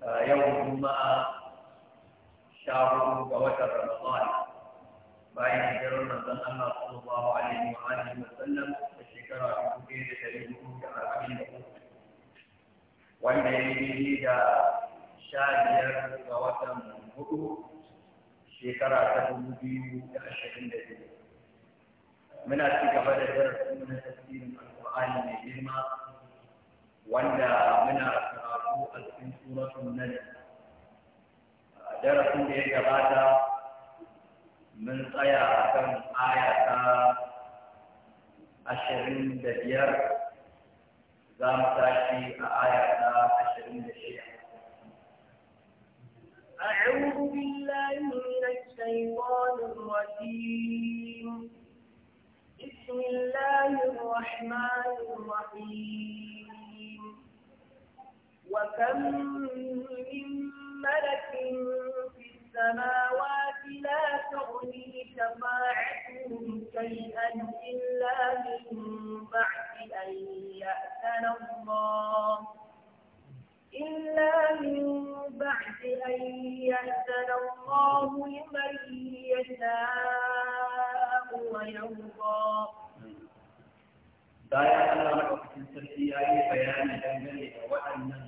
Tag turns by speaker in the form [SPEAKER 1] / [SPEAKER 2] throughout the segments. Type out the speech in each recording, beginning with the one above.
[SPEAKER 1] yau juma'a sha hudu ga watan ramadan bayan hijirar manzon Allah sallallahu alaihi wa alihi wa sallam da shekara dubu ɗaya da ɗari hudu da arba'in da uku wanda ya yi da sha biyar ga watan hudu shekara ta dubu biyu da ashirin da biyu muna ci gaba da darasin na tafsirin alƙur'ani mai girma wanda muna أو ألفين سورة النجم درسوا إيه جبادة من قيا كم آية عشرين دبير زام تاشي آية عشرين دشيح
[SPEAKER 2] أعوذ بالله من الشيطان الرجيم بسم الله الرحمن وكم من ملك في السماوات لا تغني شفاعتهم شيئا إلا من بعد أن يأتنا الله إلا من بعد أن يأتنا الله لمن يشاء ويرضى دائما الله في سرحي
[SPEAKER 1] أي بيان جنجل وأن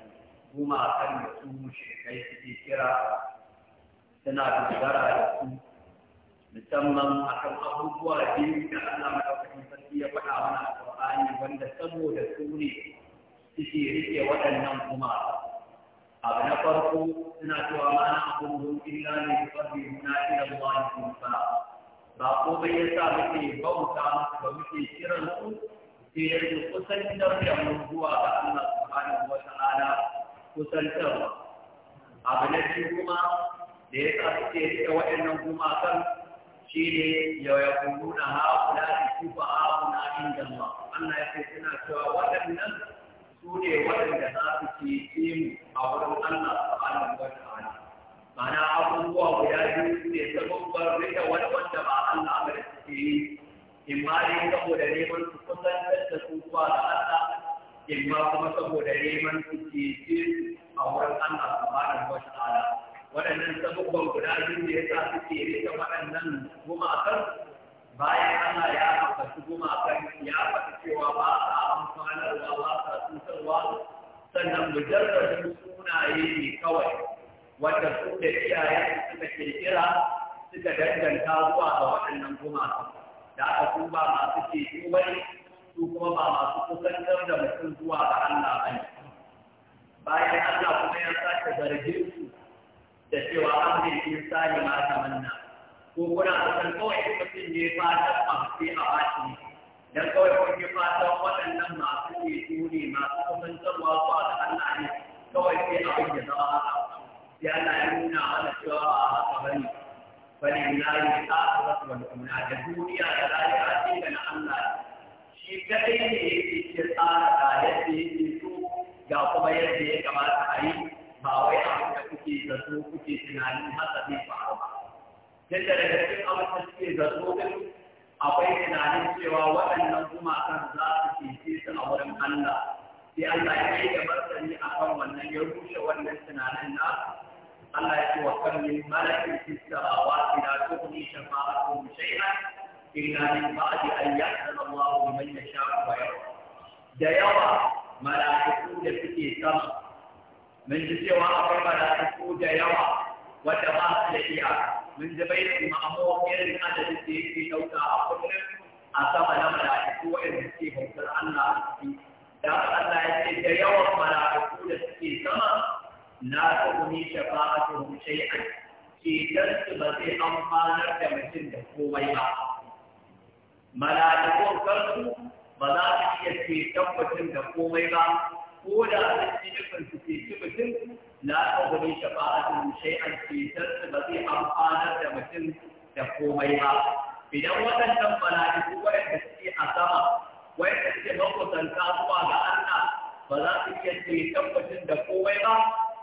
[SPEAKER 1] gumakan da su shekai suke kira suna dogara da su musamman akan abubuwa biyu da Allah madaukakin sarki ya faɗa mana a Qur'ani wanda saboda su ne suke riƙe waɗannan gumaka abu na farko suna cewa ma na abubuwan illa ne su farbi na ila Allah sun sa ba komai ya sa muke bauta ba muke kiran su sai yanzu kusan da mu zuwa ga Allah subhanahu wa ta'ala kusantarwa abu na biyu kuma da ya sa suke rike waɗannan gumakan shi ne yawaya kununa haƙula da kufa haƙuna inda ma Allah ya ce suna cewa waɗannan su ne waɗanda za su cece mu a wurin Allah subhanahu wa ta'ala ma'ana abubuwa guda biyu su ne sababbar rike wani wanda ba Allah ba da suke yi imma ne saboda neman su kusantar da su zuwa da Allah imma kuma saboda neman suke cece a wurin Allah subhanahu wa ta'ala waɗannan sabubban guda biyu da yasa suke rika waɗannan gumakan bayan ana ya ambaci gumakan ya faɗi cewa ba sa amfanarwa ba sa cutarwa sannan mujarradin sunaye ne kawai wanda su da iyayen suka kirkira suka danganta zuwa ga waɗannan gumakan da aka kuma masu ceto su kuma ba masu kusantar da mutum zuwa ga Allah ba ne. Bayan Allah kuma ya sake zarge su da cewa an zai yi sani ma tamanna. Ko kuna kusan kawai mutum ne fatan masu a bashi ne. Dan kawai kun yi fatan waɗannan masu ne su ne masu kusantarwa zuwa ga Allah ne. Kawai sai abin da zama haka. Sai Allah ya nuna mana cewa ba haka ba ne. Falilahi ta'ala wal umma da duniya da lahira sai ga Allah shi kadai ne yake ke tsara ga yadda yake so ga kuma yadda ya kamata a yi ba wai abin da kuke zato kuke tunanin haka zai faru ba yadda daga cikin abin da suke zato din akwai tunanin cewa waɗannan gumakan za su cece su a wurin Allah sai Allah ya yi da martani akan wannan ya rushe wannan tunanin na Allah ya ce wa kan min malakin fi samawati la tughni shafa'atuhum shay'an Ina إلا من بعد أن يحسن الله بمن يشاء ويرضى
[SPEAKER 2] da yawa
[SPEAKER 1] mala'iku da suke sama mun ji cewa akwai mala'iku da yawa wanda ba su da iya mun ji bai su ma'amo irin adadin da yake ɗauka a kullum a sama na mala'iku waɗanda suke bautar Allah a ciki da Allah ya ce da yawan mala'iku da suke sama na tsuguni shafa'atu shay'an ke dan su ba zai amfanar da mutum da komai ba mala'ikun kansu ba za su iya ce tabbacin da komai ba ko da su ci nufin su ke ci mutum la ta gani shafa'atun shay'an cetar su ba zai amfanar da mutum da komai ba idan waɗannan mala'iku waɗanda suke a sama waɗanda suke makusanta kasuwa ga Allah ba za su iya ce tabbacin da komai ba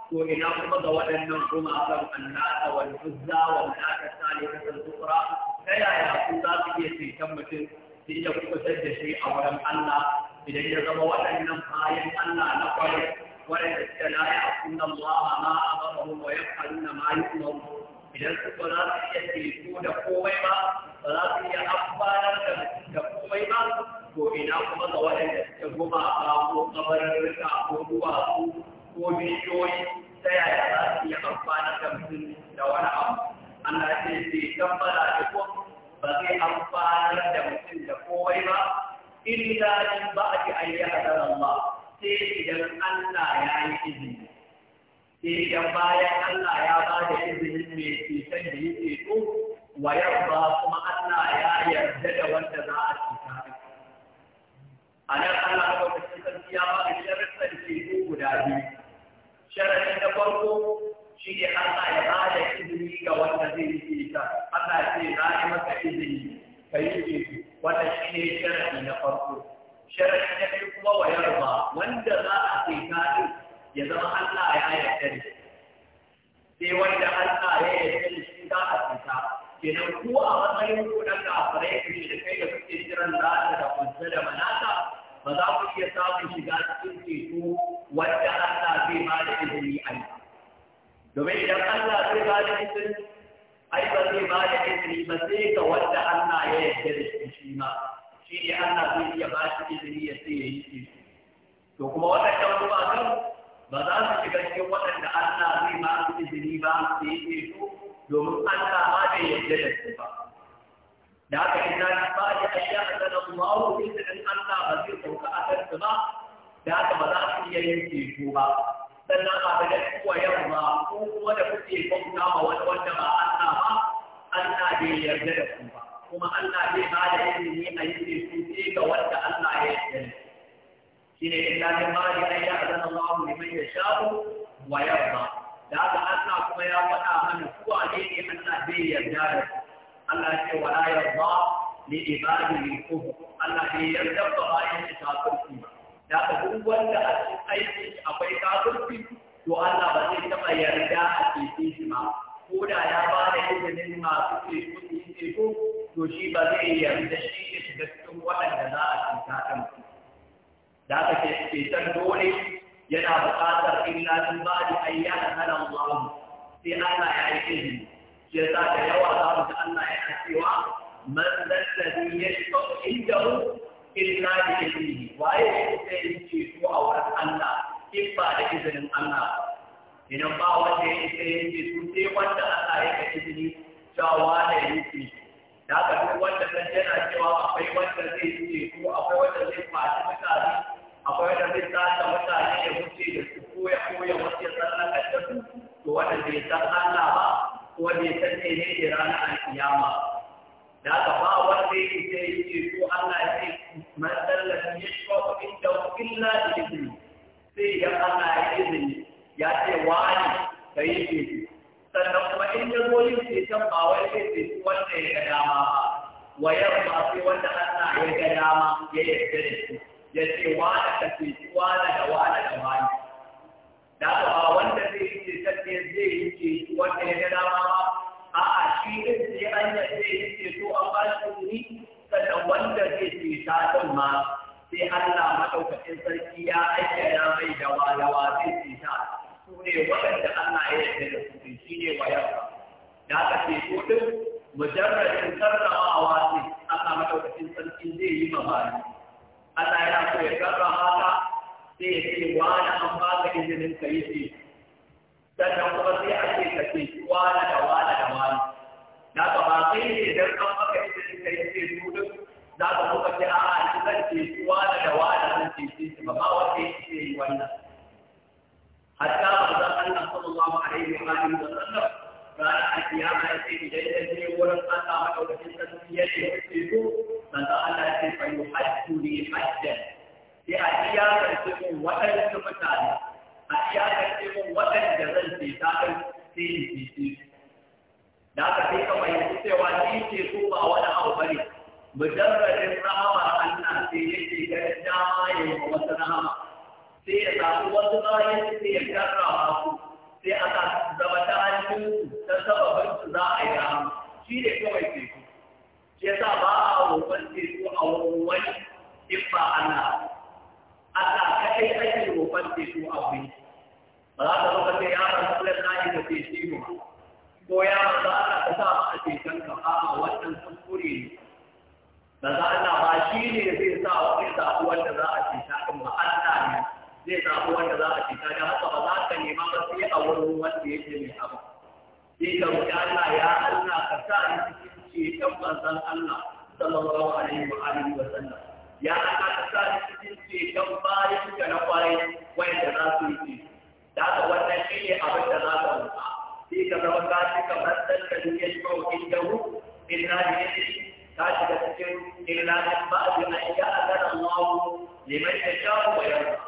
[SPEAKER 1] to ina kuma ga waɗannan kuma akan annata wal uzza wal lata salihatan tukra yaya ku za su iya cikin mutum su iya kubutar da shi a wurin Allah idan ya zama waɗannan bayan Allah na kwarai waɗanda suka la ya kunna Allah shi Allah zai iya ba shi izini ya sai ya yi shi to kuma waɗannan gumakan ba za su shiga cikin waɗanda Allah zai ba su izini ba su yi su domin Allah ba bai yarda da su ba da haka idan na ba ya ayya a sanar da ɗan Allah ba zai sauka a kan su ba da haka ba za su iya yin ceto ba sannan a da kuwa ba, ko kuma da kuke bauta ma wani wanda ba Allah ba Allah bai yarda da ku ba kuma Allah ya ba da izini a yi teku sai ga wanda Allah ya yi shi ne illa min ba da ya azan Allah liman ya sha'u wa yarda da haka Allah kuma ya faɗa mana ko a ne ne Allah zai yarda da Allah ya ce wa la yarda li ibadihi kufr Allah bai yarda ba bayan shi kafirci ba da haka duk wanda a cikin aiki akwai akwai kafirci to Allah ba zai taɓa yarda a cikin shi ba ko da ya ba da izinin masu teku teku to shi ba zai yarda shi ya shiga cikin waɗanda za a cuta kan su da aka dole yana buƙatar illa tun ba da ayyana hana Allah sai Allah ya yi izini shi yasa da yawa za mu ji Allah yana cewa man zallabi ya shiga indahu illa bi izini waye shi sai ce ceto a wurin Allah in ba da izinin Allah idan ba wanda ya sai ya ceto sai wanda Allah ya ga izini cewa da ya yi da aka duk wanda kan yana cewa akwai wanda zai ce ko akwai wanda zai faɗi mutane akwai wanda zai tsaka mutane ya wuce da su ko ya koya wasu ya tsallaka da su to wanda zai san Allah ba ko wanda ya san ne ne ke ranar alkiyama da aka ba wanda ya sai ya ce ko Allah ya ce man tsallafi ya shi ba kuɗin da illa da izini sai ya Allah ya izini wa yamma sai wanda ana ya ga dama ya yarda da shi cutar ka a'a wannan kuskure ne da za a ba shi ne zai sa wani zaɓi da za a cuta in ba Allah ne zai zaɓi wanda za a cuta da haka ba za ka nema ba sai a wurin wanda yake mai abu sai ka roƙi Allah ya Allah ka sa ni cikin cikin manzon Allah sallallahu alaihi wa alihi wa sallam ya Allah ka sa ni cikin cikin bayan ka na kwarai wanda za su yi da haka wannan shi ne abin da za ka roƙa sai ka zama ka ci da ɗan ka duke shi ko in da hu in na ji ne ka shiga cikin irlanin ba a jina ya azar Allah liman ya sha wa yarda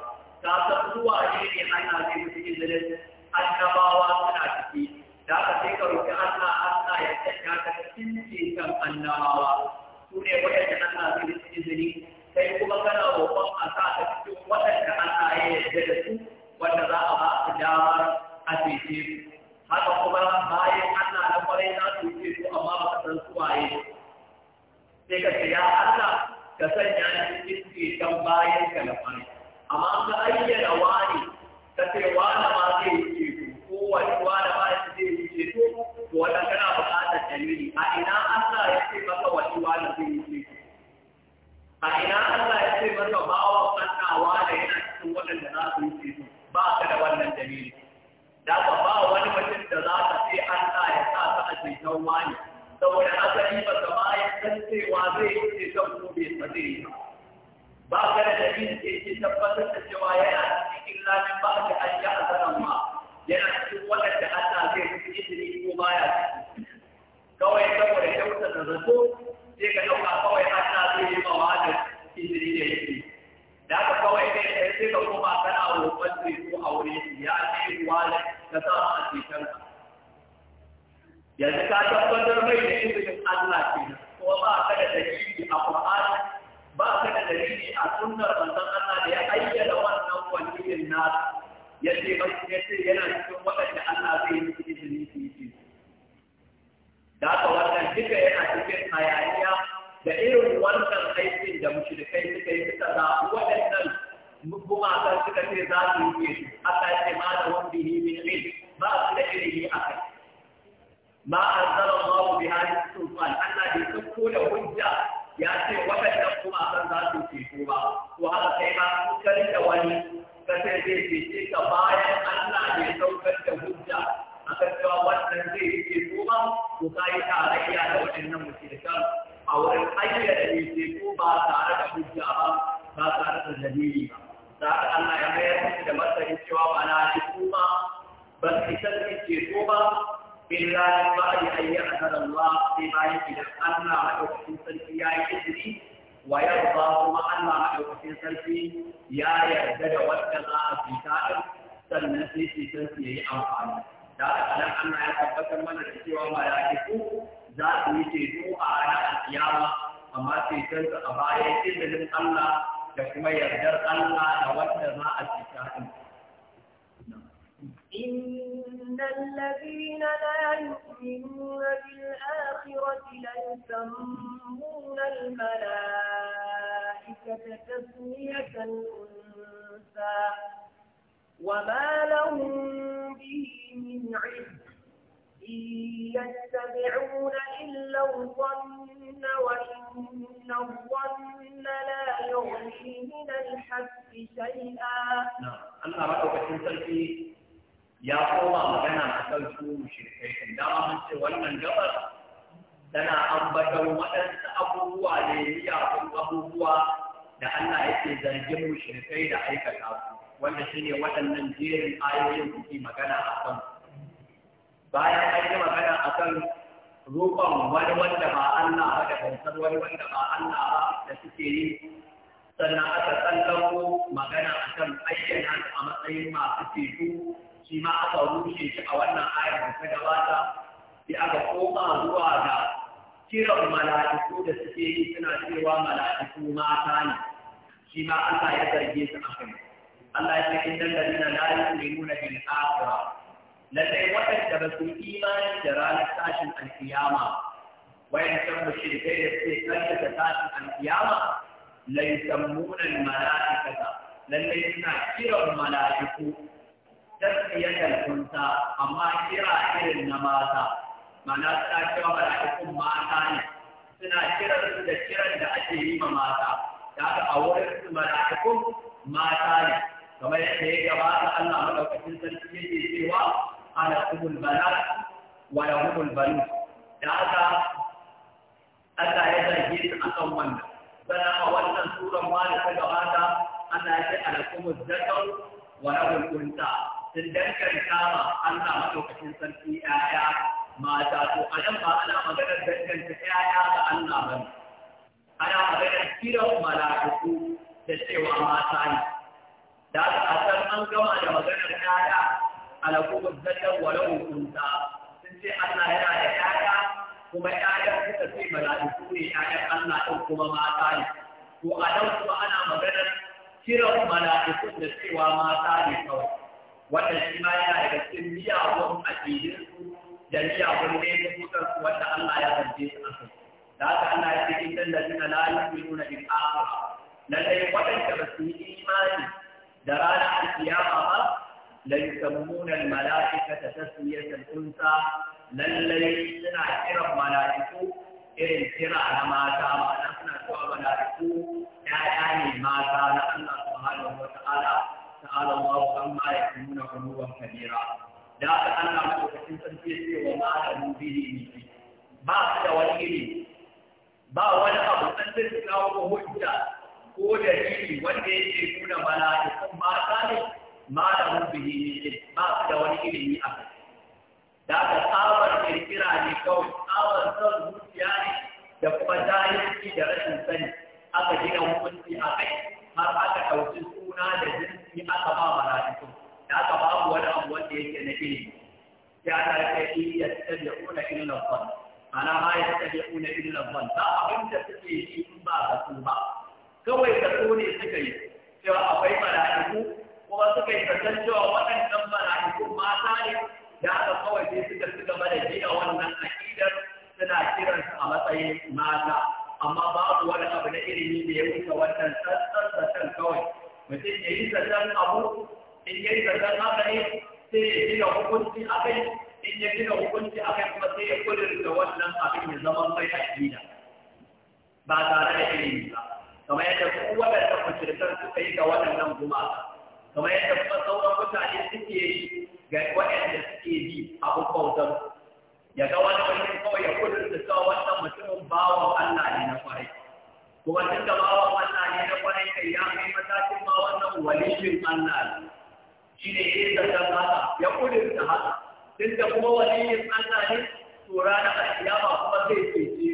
[SPEAKER 1] ka san zuwa ne ne ana zai mutu izinin annabawa suna ciki da aka sai ka roƙi Allah Allah ya tsaya ka cikin kan annabawa su ne waɗanda Allah zai mutu izini sai kuma kana roƙon a sa ka cikin waɗanda Allah ya yarda da su wanda za a ba su damar a cece haka kuma bayan Allah na kwarai na su su amma ba ka san suwaye sai ka ce ya Allah ka sanya ni iske kan bayan ka na fari amma ga ayyana wani ka ce wani ma zai yi ko wani wani ma zai yi to wannan kana buƙatar dalili a ina Allah ya ce maka wani wani zai yi
[SPEAKER 2] a ina Allah ya ce maka bawa kannawa da yana cikin
[SPEAKER 1] waɗanda za su yi ba ka da wannan dalili da ka ba wani mutum da za ka ce Allah ya sa ta a ceton wani saboda asali ba ka ma ya zai yi ceton ko ba zai yi ba ka da dalilin ke tabbatar da cewa yana cikin lamin ba ka an yi asaran ma yana cikin waɗanda ta zai fi izini ko baya kawai saboda kyautar da zato sai ka ɗauka kawai ta zai yi mawa da izini ne ka sa a cikin
[SPEAKER 2] yanzu ka tabbatar mai da izinin Allah ke kuma ba ka da dalili
[SPEAKER 1] a Qur'ani ba ka da dalili a sunnar manzon Allah da ya ayyana wannan waliyin na yace ba ce yana cikin waɗanda Allah zai yi izini su yi da ka wannan duka yana cikin hayaniya da irin wannan aikin da mushrikai suka yi suka zaɓi waɗannan kuma a suka ce za su yi ke aka ce ma da wanda ba su da ilimi a kai ma an zara mawa bi hali sulfan Allah bai sauko da hujja ya ce waɗannan kuma a za su ceto ba to haka sai ma kari da wani ka sai zai cece ka bayan Allah bai saukar da hujja a kan cewa wannan zai yi ceto ba to ka yi tarayya da waɗannan mushrikan a wurin ayyana da ceto ba tare da hujja ba ba tare da dalili ba da haka Allah ya mayar da matsayin cewa ba na yi kuma ba su isa su ceto ba billa ya a da ayyar azarar ruwa sai bayan idan Allah maɗaukakin sarki ya yi izini wa ya ba kuma Allah maɗaukakin sarki ya yarda da wanda za a fita ɗin sannan sai ceton su ya yi amfani. Da haka nan Allah ya tabbatar mana da cewa ku. za su yi ceto a ranar alkiyama amma ceton su a bayan izinin Allah da kuma yardar Allah da wanda za a
[SPEAKER 2] cika din إن الذين لا يؤمنون بالآخرة ليسمون الملائكة تسمية الأنثى وما لهم به من علم إن يتبعون إلا الظن وإن الظن لا يغني من الحق شيئا نعم
[SPEAKER 1] أنا رأيك تنسلتي يا الله ما تلتو مشركين دعا من سوانا الجبل tana ambatar waɗansu abubuwa ne ya abubuwa da Allah yake zargin mushrikai da aikata su wanda shine waɗannan jerin ayoyin kuke magana a kansu bayan an yi magana
[SPEAKER 2] kan roƙon wani wanda ba Allah ba da bautar wani
[SPEAKER 1] wanda ba Allah ba da suke yi sannan aka tsallako magana a akan ayyana a matsayin masu ceto shi ma aka rushe shi a wannan ayar da ta gabata sai aka koma zuwa ga kiran mala'iku da suke yi suna cewa mala'iku mata ne shi ma Allah ya zarge su a kai Allah ya ce innal ladina la yu'minuna bil akhirah lallai waɗanda ba su yi imani da ranar tashin alkiyama wayan san mushrikai da suke kallata tashin alkiyama Lai yusammuna almalaikata lallai suna kiran malaiku tasbiyatal kunta amma kira irin na mata ma'ana suna kira malaikun mata ne suna kiran su da kiran da ake yi ma mata da haka a wurin su malaikun mata ne kamar yadda ya gabata Allah madaukakin sarki yake cewa ala kumul bala wa la kumul balu da aka Allah ya zarge su akan wannan sana a wannan suran ma da ta gabata ana ya ce ala kumul zakar wa la kumul sun danganta ma Allah madaukakin sarki ƴaƴa mata to a nan ba ana maganar danganta ƴaƴa ga Allah ba ne ana maganar kiran mala'iku da cewa mata ne da aka san an gama da maganar ƴaƴa alakum zalla wa wala sun ce Allah yana da yaya kuma yaya suka ce mala'iku ne yayan Allah din kuma mata ne to a nan kuma ana magana kiran mala'ikun da cewa mata ne kawai wanda shi ma yana daga cikin miyagun su da miyagun ne kusan wanda Allah ya zance su a kai da haka Allah ya ce idan da suna la yu'minuna bil akhirah lallai waɗanda ba su yi imani da ranar alkiyama ba la yusammuna al-mala'ikata tasmiyatan unsa lallai suna kiran mala'iku irin kira na mata ma'ana suna cewa mala'iku ya'ya na Allah subhanahu wa ta'ala ta'ala Allah amma ya kabira
[SPEAKER 2] da aka
[SPEAKER 1] ba su da wani iri ba wani abu an zai kawo hujja ko dalili wanda yake nuna mala'ikun mata ne ma da mun bihi ne ba da wani ilimi a kai da aka tsabar kirkira ne kawai tsabar son zuciya ne
[SPEAKER 2] da kuma zalunci da rashin sani aka gina
[SPEAKER 1] hukunci a kai har aka ɗauki suna da jinsi aka ba mala'iku da aka babu wani abu wanda yake na ilimi ya ta ce in ya tabi una illa zan ana ma ya tabi una illa zan ba abin da suke yi in ba zato ba kawai ka ne suka yi cewa akwai mala'iku kuma suka yi zaton cewa waɗannan mala'ikun mata ne da aka kawai sai suka ci gaba da A wannan aƙidar suna kiransa a matsayin mata amma babu wani abu na ilimi da ya wuce wannan sassan kawai mutum ya yi zaton abu in ya yi zaton haka ne sai ya gina hukunci a kai in ya gina hukunci a kai kuma sai ya kudurta wannan abin ya zama mai aƙida ba tare da ilimi ba kamar yadda kowaɗannan mashirkan suka yi ga waɗannan gumaka kamar yadda kuma sauran mutane suke yi ga waɗanda suke bi abin bautan
[SPEAKER 2] ya ga wani wani kawai ya kudin da kawai wannan mutumin bawan Allah ne na kwarai
[SPEAKER 1] kuma tun da bawan Allah ne na kwarai kai ya kai matakin ma wannan walishin Allah ne shi ne ya zartar haka ya kudin da haka tun da kuma walishin Allah ne to ranar alkiyama kuma zai ceci ni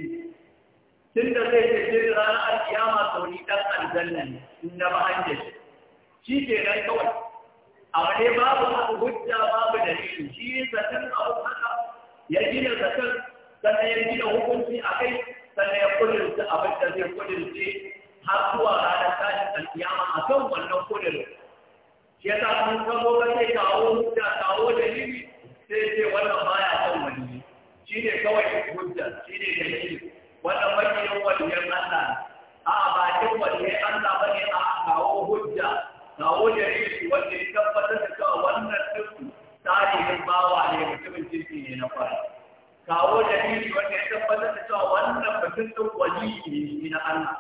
[SPEAKER 1] tun da zai ceci ni ranar alkiyama sau ni dan aljanna ne in na ba shi ke nan kawai a wane babu hujja babu da shi ne zaton abu haka ya gina zaton sannan ya gina hukunci a kai sannan ya kudurta abin da zai kudurce har zuwa ranar tashin alkiyama a kan wannan kudurin shi ya sa mun kamo ka sai kawo hujja kawo dalili sai ce wannan baya kan wani shi ne kawai hujja shi ne shi wannan makiyin waliyan Allah a bakin ne. Allah bane a kawo hujja kawo jariri wanda ya tabbatar da cewa wannan dukku tarihin bawa ne mutumin jirgi ne na fara kawo jariri wanda ya tabbatar da cewa wannan mutum ɗin wali ne na Allah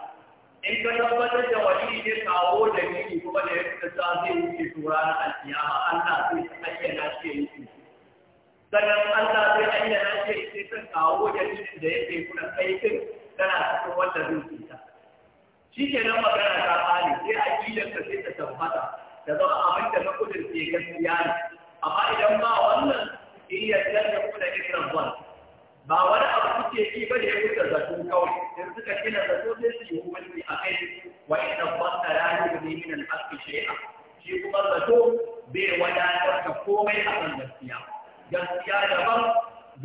[SPEAKER 1] in ka tabbatar da wali ne kawo jariri kuma da ya fita sa zai wuce tura na alkiyama Allah zai ayyana shi ya yi sannan Allah zai ayyana shi ya yi sai kawo jaririn da ya ke kuna kai tana cikin wanda zai fita shi ke nan magana ta hali sai a kilan ka sai ta tabbata ta zama abin da na kudin ke gaskiya ne amma idan ba wannan in yadda da kuna irin ban ba wani abu kuke yi ba da ya kuka zato kawai in suka gina zato sai su yi hukunci a kai wa inna wanda la yughni min al-haqqi shay'a shi kuma zato bai wadatar ka komai a kan gaskiya gaskiya daban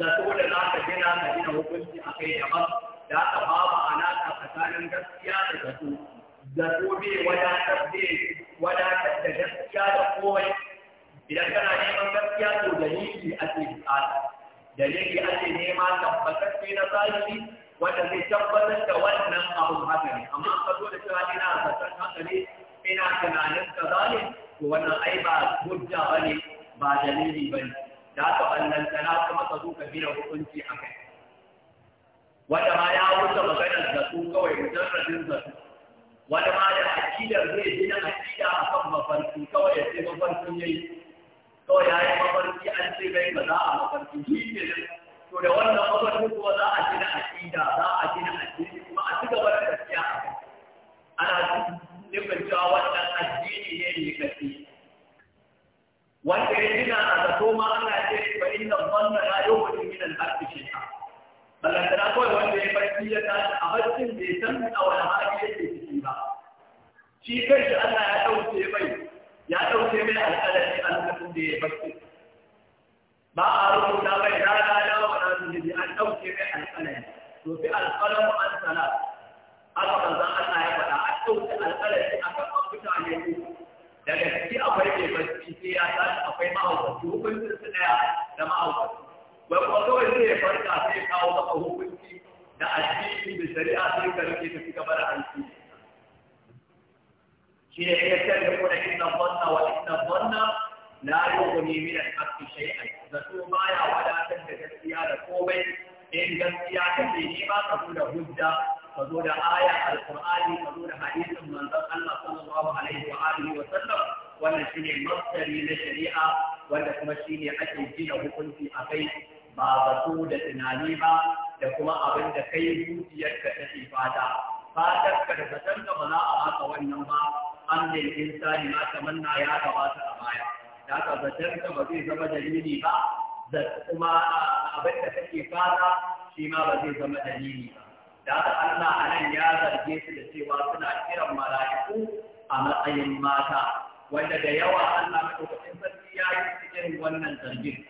[SPEAKER 1] zato da za ka gina ka gina hukunci a kai daban da aka ba ma'ana tsakanin gaskiya da zato zato wadatar wadatar da gaskiya da komai idan kana neman gaskiya to dalili ake bukata dalili ake nema ce na zahiri wanda zai tabbatar da wannan abun haka ne amma ka zo da cewa ina zaton haka ne ina tunanin kaza ne to wannan ai ba hujja bane ba dalili bane da ka ballanta na kuma ka zo ka bi da hukunci akai wanda ma ya wuce maganar zato kawai mujarradin zato wanda ma da akidar zai gina akida a kan mafarki kawai ya ce mafarki ya yi kawai ya yi mafarki an ce bai ba za a mafarki shi ne to da wannan mafarki kuma za a gina akida za a gina akida kuma a cika gaba gaskiya a kai
[SPEAKER 2] ana
[SPEAKER 1] nufin cewa wannan addini ne ne kashi wanda ya gina a zato ma ana ce fa inna dhanna la yughni Allah tana kawai wanda ya farki ya tashi a barcin bai san a wani hali yake ciki ba shi kanshi Allah ya ɗauke mai ya ɗauke mai alƙalami a lokacin da ya barci ba a rubuta mai rana ya wani zunubi an ɗauke mai alƙalami to fi alƙalamu an sana aka manzan Allah ya faɗa an ɗauke alƙalami a kan mutane daga ciki akwai mai barci sai ya tashi akwai mahaukaci hukuncin su ɗaya da mahaukaci ba kuma kawai zai ya farka sai ya kawo maka hukunci da addini da shari'a sai ka rike ka fi gaba da aiki shi ne ya ce da kuma inna zanna wa inna zanna la yughni min al-haqqi shay'an da to baya wadatar da gaskiya da komai in gaskiya kace ni ba ka zo da hujja ka zo da aya alqur'ani ka zo da hadisin manzon Allah sallallahu alaihi wa alihi wa sallam wannan shine masdari na shari'a wanda kuma shine ake gina hukunci a kai ba batu da tunani ba da kuma abin da kai zuciyarka ke fata fatarka da ka ba za a haka wannan ba an da insani ma tamanna ya gabata a baya da zatar ka ba zai zama dalili ba da kuma abin da kake fata shi ma ba zai zama dalili ba da ka Allah a nan ya zarge su da cewa suna kiran mala'iku a matsayin mata wanda da yawa Allah madaukakin sarki ya yi cikin wannan zargin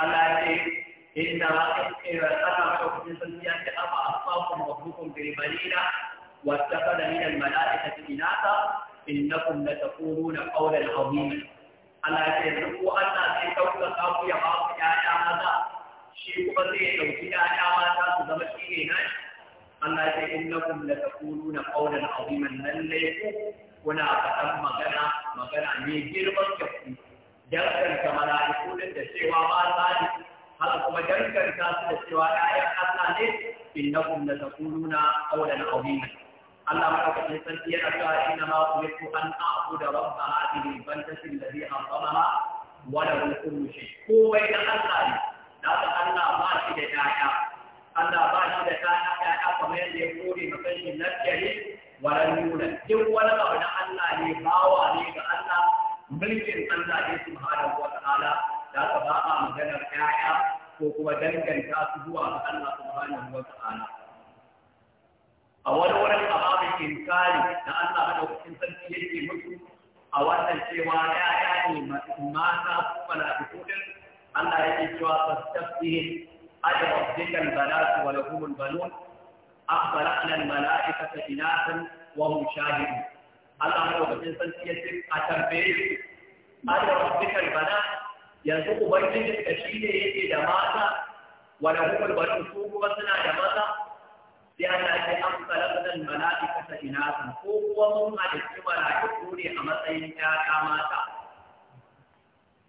[SPEAKER 2] Allah ce inna ira sana
[SPEAKER 1] ka kun san ya ce aba asakum rabbukum bil balina wa taqala in na malaikati inata innakum lataquluna qawlan azima Allah ce ku Allah sai kauka ka ya ba ku ya maza shi kuma zai dauki ƴaƴa mata su zama shi ne shi. Allah ce innakum lataquluna qawlan azima lallai ku kuna faɗan magana magana ne girman kyau jarkanta mala'iku din da cewa ba za ne haka kuma jarkanta su da cewa 'ya'yan Allah ne innakum la taquluna qawlan azima Allah ce sarki ya cewa inna ma umirtu an a'budu rabba hadhihi al-baldati alladhi harramaha wa lahu kullu ko komai da Allah ne da Allah ba shi da 'ya'ya. Allah ba shi da ƴaƴa kamar yadda ya kore masanin wa la nuna duk wani abu na Allah ne bawa ne ga Allah mulkin Allah ne subhanahu wa ta'ala da ka ba a maganar ƴaƴa ko kuma danganta su zuwa ga Allah subhanahu wa ta'ala a wani wurin ababin inkari da Allah madaukakin sarki yake mutu. a wannan cewa ƴaƴa ne mata mala'iku din Allah yake cewa fastafihim أجر ربك البنات ولهم البنون أخبرنا الملائكة إناثا وهم شاهدون الله لو بتنسل يسر أتنبيه
[SPEAKER 2] ala rabbikal bana
[SPEAKER 1] yanzu ubangijin da shi ne yake da mata wala hukul bana su kuma suna da maza sai Allah ya an khalaqal malaikata inatan
[SPEAKER 2] ko kuma mun halicci malaiku ne a matsayin ƴaƴa mata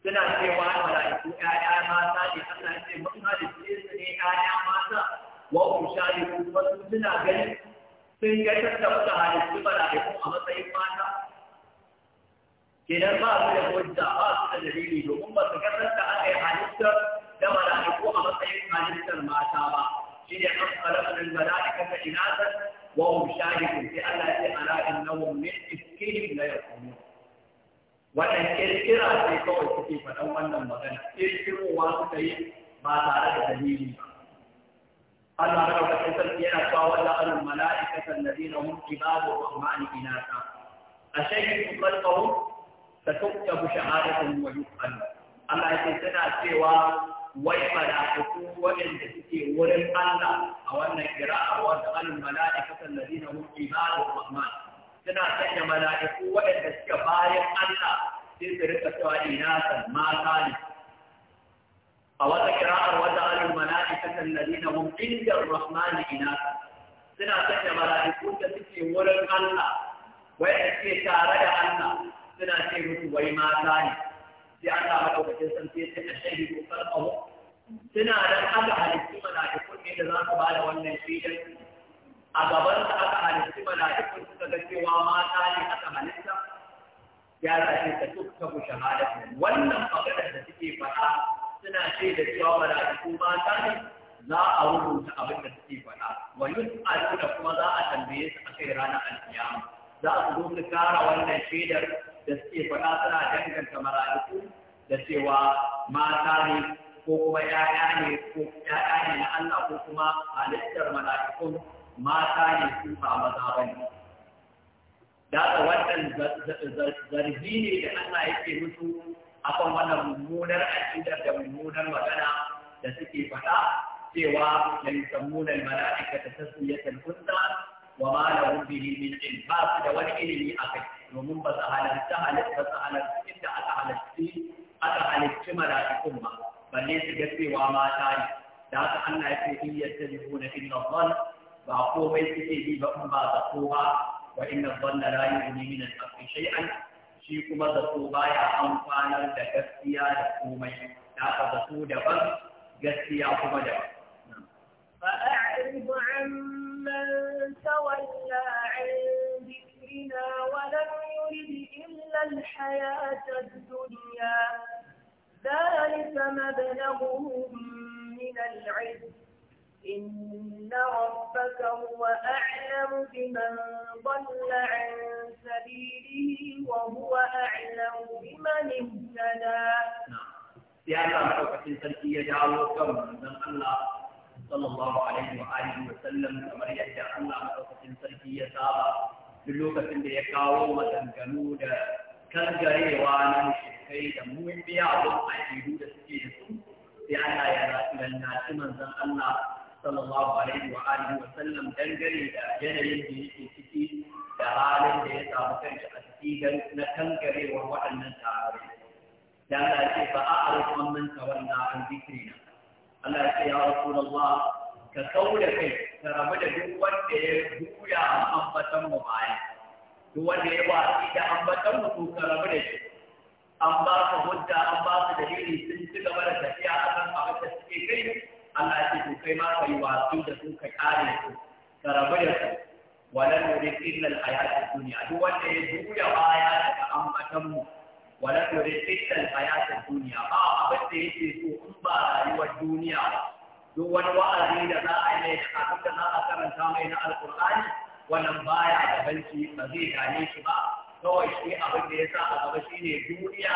[SPEAKER 2] suna cewa malaiku ƴaƴa
[SPEAKER 1] mata ne Allah ya ce mun halicce su ne ƴaƴa mata wa ushaliku wasu suna ganin sun ga tattauta halicci malaiku a matsayin mata
[SPEAKER 2] kenan ba su da hujja ba su da dalili
[SPEAKER 1] domin ba su kasance aka yi halittar da mala'iku a matsayin halittar mata ba shi ne an kalamin mala'ika ta inatar wa hum shahidun sai Allah ya ce ala innahum min iskihim la yaqulun wannan kirkira sai kawai suke faɗan wannan magana kirkirowa suka yi ba tare da dalili ba Allah ya ɗauka sarki yana cewa wanda alal mala'ikatan ladina hum ibadu rahmani inata ashayyu khalqahum تكتب شهادة ويقال الله يتسنى سوى والملائكة وإن تسكي ورم الله أو أن قراءة وأسأل الملائكة الذين هم عباد الرحمن سنى سنى ملائكة وإن تسكي بايم الله تسرق سوى إناسا ما كان أو أن قراءة وأسأل الملائكة الذين هم عند الرحمن إناسا سنى سنى ملائكة تسكي ورم الله وإن تسكي تارد الله suna ce musu wai mata ne sai Allah madaukakin sarki ya ce a shahidu kalmahu
[SPEAKER 2] suna nan aka halitti mala'ikun ne da za su ba da wannan
[SPEAKER 1] shaidan a gaban da aka halitti mala'ikun suka ga cewa mata ne aka halitta ya zace ta tukkabu shahadatu wannan maganar da suke faɗa suna ce da cewa mala'iku mata ne za a rubuta abin da suke faɗa wa yus'aluna kuma za a tambaye su a kai ranar alkiyama za su zo su kara wannan shaidar da suke faɗa suna danganta mara'iku da cewa mata ne ko kuma ‘ya'ya ne ko ‘ya'ya ne na Allah ko kuma halittar mala'ikun mata ne su ba maza ba ne. Da ta wannan zargi ne da Allah yake musu akan wannan mummunar aƙidar da mummunar magana da suke faɗa cewa da yusammunan ya tasmiyatan kunta wa ma lahum bihi min ilm ba su da wani ilimi a kai domin ba su halatta halatta ba su halatta inda aka halatti aka halatti mala'ikun ba balle su ga cewa mata ne da haka Allah ya ce in yattabi'una illa dhann ba komai suke bi ba in ba zato ba wa inna dhanna la yughni min al-haqqi shay'an shi kuma ba ya amfanar da gaskiya da komai da haka zato daban gaskiya kuma daban
[SPEAKER 2] فأعرض عن تولى عن ذكرنا ولم يرد إلا الحياة الدنيا ذلك مبلغهم من العلم إن ربك هو أعلم بمن ضل عن سبيله وهو أعلم بمن اهتدى. نعم.
[SPEAKER 1] يا الله حوكة تركية جعلوا كم من الله sallallahu alaihi wa wa sallam kamar yadda Allah madaukakin sarki ya saba duk lokacin da ya kawo maganganu da kangarewa na mushrikai da mummiya abin da suke da su sai Allah ya rasu manzon Allah sallallahu alaihi wa alihi wa sallam dangane da yanayin da yake ciki da halin da ya samu kanshi a ciki na kangarewa waɗannan tare. Dan Allah ya ce fa a'rifu man tawalla Allah ya ce ya Rasulullah ka kau kai ka rabu da duk wanda ya juya ambatan mu baya duk wanda ya watsi da ambatan mu to ka rabu da shi an ba ka hujja an ba ka dalili sun ci gaba da tafiya a kan abin da suke kai Allah ya ce to kai ma kai yi watsi da su ka kare su ka rabu da su walan yurid illa al-hayat ad-dunya duk wanda ya juya baya daga ambatan mu wala turid fitta hayatid dunya ba abin da yake so in ba rayuwar duniya ba duk wani wa'azi da za a yi da abin da za a karanta mai na alkur'ani wannan baya da banki ba zai gane shi ba kawai shi abin da ya sa a gaba shine duniya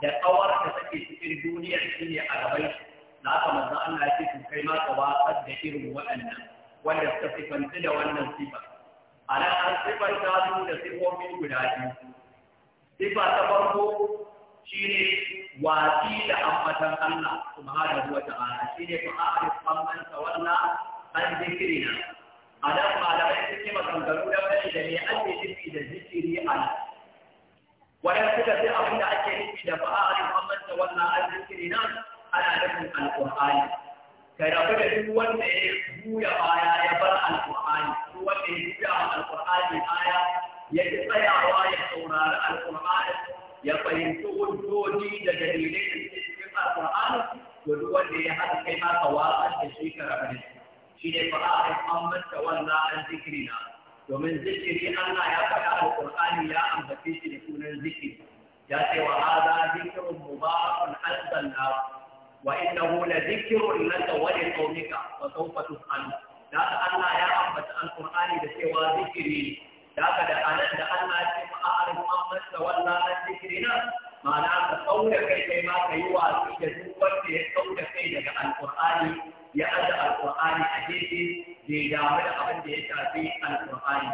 [SPEAKER 1] da kawar da take cikin duniya shine a gaban shi na haka manzo Allah ya ce kai ma watsar da irin waɗannan wanda suka sifanci da wannan sifa. A an sifanta su da sifofin guda biyu, sifa ta farko shi ne wati da ambatan Allah subhanahu wa ta'ala shine fa arif amman tawalla an zikrina adam malamai suke maganganu da kai da me ake nufi da zikiri an wannan suka ce abin da ake nufi da fa arif amman tawalla an zikrina ana nufin alqur'ani kai da kuma duk wanda ya buya baya ya bar alqur'ani ko wanda ya buya alqur'ani aya ya ji tsayawa ya saurari alƙur'ani ya fahimci hujjoji da dalilai da suke cikin alƙur'ani to duk wanda ya haɗa kai ma ka watsar da shi ka rabu da shi ne fa a Muhammad ta wannan an domin zikiri Allah ya faɗa alƙur'ani ya ambace shi da sunan zikiri ya ce wa hada wani mubarakun anzalnahu وإنه لذكر لك ولقومك وسوف تسأل لا الله يا أحمد القرآن بسوى zikiri. Da haka da anan da Allah ya ce ma a'rifu amman tawalla an dhikrina ma'ana ka kauda kai kai ma ka yi wasu da duk wanda ya da kai daga alqur'ani ya aza alqur'ani a gefe bai damu da abin da ya shafi alqur'ani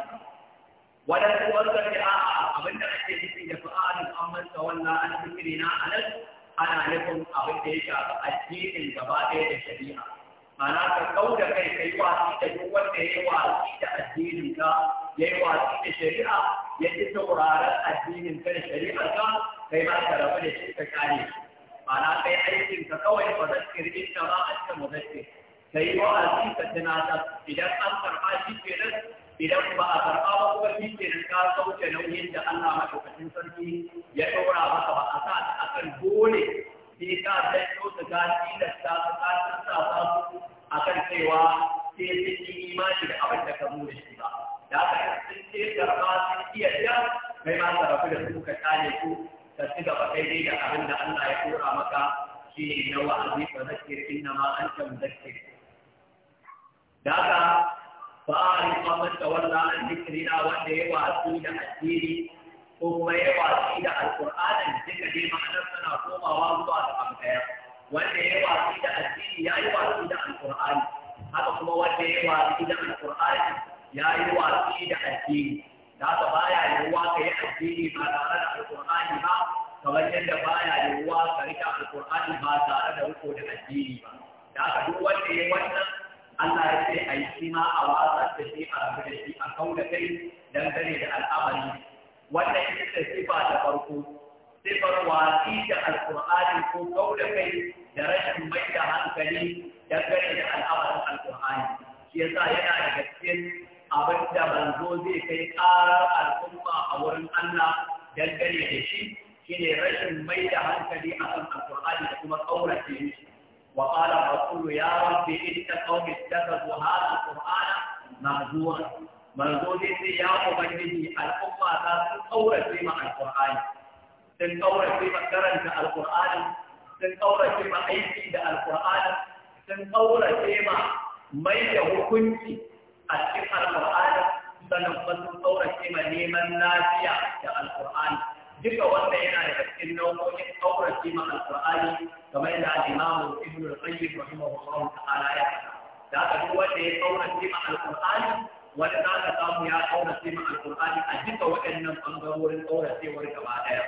[SPEAKER 1] wadansu wanda ke a'a abin da ake nufi da fa'arin amman tawalla an dhikrina anan ana nufin abin da ya shafi addinin gaba ɗaya da shari'a ma'ana ka da kai kai watsi da duk wanda ya yi watsi da addinin ka ya yi watsi da shari'a ya ci sauraron addinin kan shari'ar ka kai ba ka rabu da shi ka kare kai aikin ka kawai ba zan ba a cikin muzaske ka yi wa'azi ka tunatar idan an karɓa shi kenan idan ba a karɓa ba kuma shi kenan ka sauke nauyin da Allah maɗaukacin sarki ya ɗora maka ba a sa ta akan dole sai ka zanto su gani da ta ta ta ta a kan cewa sai sun yi imani da abinda ka zo shi ba. da aka sun ce karɓa sun iya ja mai ma ka rabu da su ka kare su ka ci gaba daidai da abin da Allah ya tura maka shi ne na wa'azi fa zakir inna ma anta mudakkir da aka ba a yi kwamar da wannan zikirina wanda ya wasu da addini ko kuma ya wasu da alƙur'anin duka dai ma'anar tana komawa zuwa da abu wanda ya wasu da addini ya yi wasu da alƙur'ani haka kuma wanda ya wasu da alƙur'ani ya yi watsi da addini da ka baya yiwuwa ka yi addini ba tare da alƙur'ani ba kamar yadda baya yiwuwa ka rika alƙur'ani ba tare da riko da addini ba da ka duk wanda ya wannan Allah ya ce a yi shi ma a watsar da shi a rabu da shi a kau da kai dangane da al'amari wannan ita ce sifa ta farko sifar watsi da alƙur'ani ko kau da kai da rashin mai da hankali dangane da al'amarin alƙur'ani shi yasa yana da cikin abin da manzo zai kai ƙarar al'umma a wurin Allah dangane da shi shine rashin mai da hankali a kan alƙur'ani da kuma ƙaurace shi wa qala rasulu ya rabbi inna qaumi ittakhadhu hadha alqur'ana mahzura manzo zai sai ya ubangiji al'umma ta sun ƙaurace ma alƙur'ani sun ƙaurace ma karanta alƙur'ani sun ƙaurace ma aiki da alƙur'ani sun ƙaurace ma mai da hukunci a cikin alƙur'ani sannan kuma sun ƙaurace ma neman lafiya da alƙur'ani duka wanda yana da cikin nau'o'in ƙaurace ma alƙur'ani kamar yadda al-imamu ibnu al-qayyim rahimahullahu ta'ala ya faɗa da aka duk wanda ya ƙaurace ma alƙur'ani wanda za ka samu ya ƙaurace ma alƙur'ani a duka waɗannan ɓangarorin ƙauracewar gaba ɗaya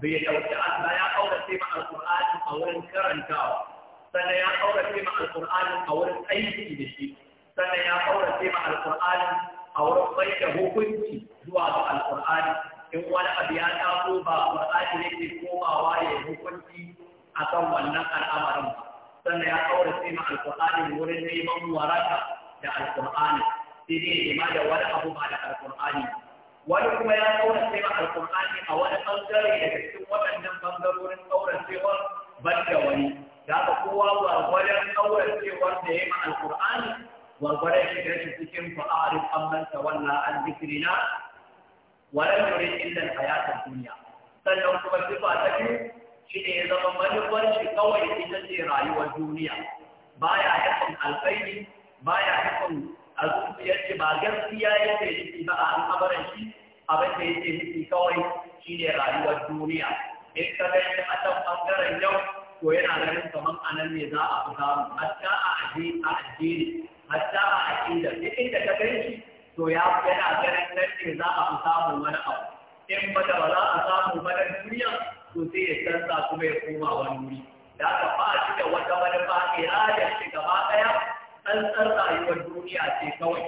[SPEAKER 1] bai ɗauki Allah ya ƙaurace ma alƙur'ani a wurin karantawa sannan ya ƙaurace ma alƙur'ani a wurin aiki da shi sannan ya kaurace ma Alƙur'ani a wurin bai da hukunci zuwa ga Alƙur'ani. in wani abu ya taso ba alqur'ani ne ke komawa ya hukunci akan wannan al'amarin ba sannan ya kaurace ma alqur'ani wurin neman waraka da Alƙur'ani. sai dai ma da wani abu ba da Alƙur'ani. wani kuma ya kaurace ma Alƙur'ani a wani bangare daga cikin waɗannan bangarorin kauracewar ban da wani da kowa ba wajen kauracewar da ya ma Alƙur'ani? warware shigar shi cikin fa'arin amman tawalla an zikrina wa lam yurid illa al-hayata sannan kuma sifa ta biyu shine ya zama manufar kawai ita ce rayuwar duniya baya yakan alkhairi baya yakan azuciyar shi ba gaskiya yake nufi ba a al'amarin shi abin da yake nufi kawai shine rayuwar duniya in ka ga a can bangaren yau ko yana ganin kamar anan ne za a fi samu hatta a addini hatta a aƙida duk inda ka kai shi to ya yana ganin nan ne za a fi samun wani abu in ba da ba za a samu wani duniya to sai ya canza kuma ya koma wani wuri da aka ba shi da wata manufa iradar shi gaba ɗaya tsantsar rayuwar duniya ce kawai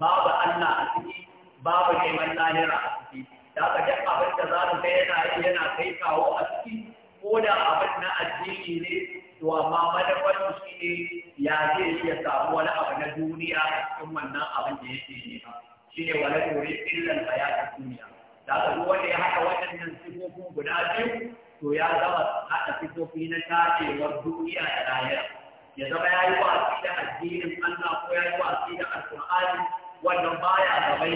[SPEAKER 1] babu Allah a ciki babu neman lahira a ciki da aka duk abin da za mu ga yana yana kai kawo a ciki ko da abin na addini ne to amma madafar shi ne ya zai iya samu wani abu na duniya a cikin wannan abin da yake ne ba shi ne wani dore illan hayata duniya da ka duk wanda ya haɗa waɗannan sifofin guda biyu to ya zama haɗa sifofi na tashewar duniya da lahira ya zama ya yi watsi da addinin Allah ko ya yi watsi da alƙur'ani wannan baya gabai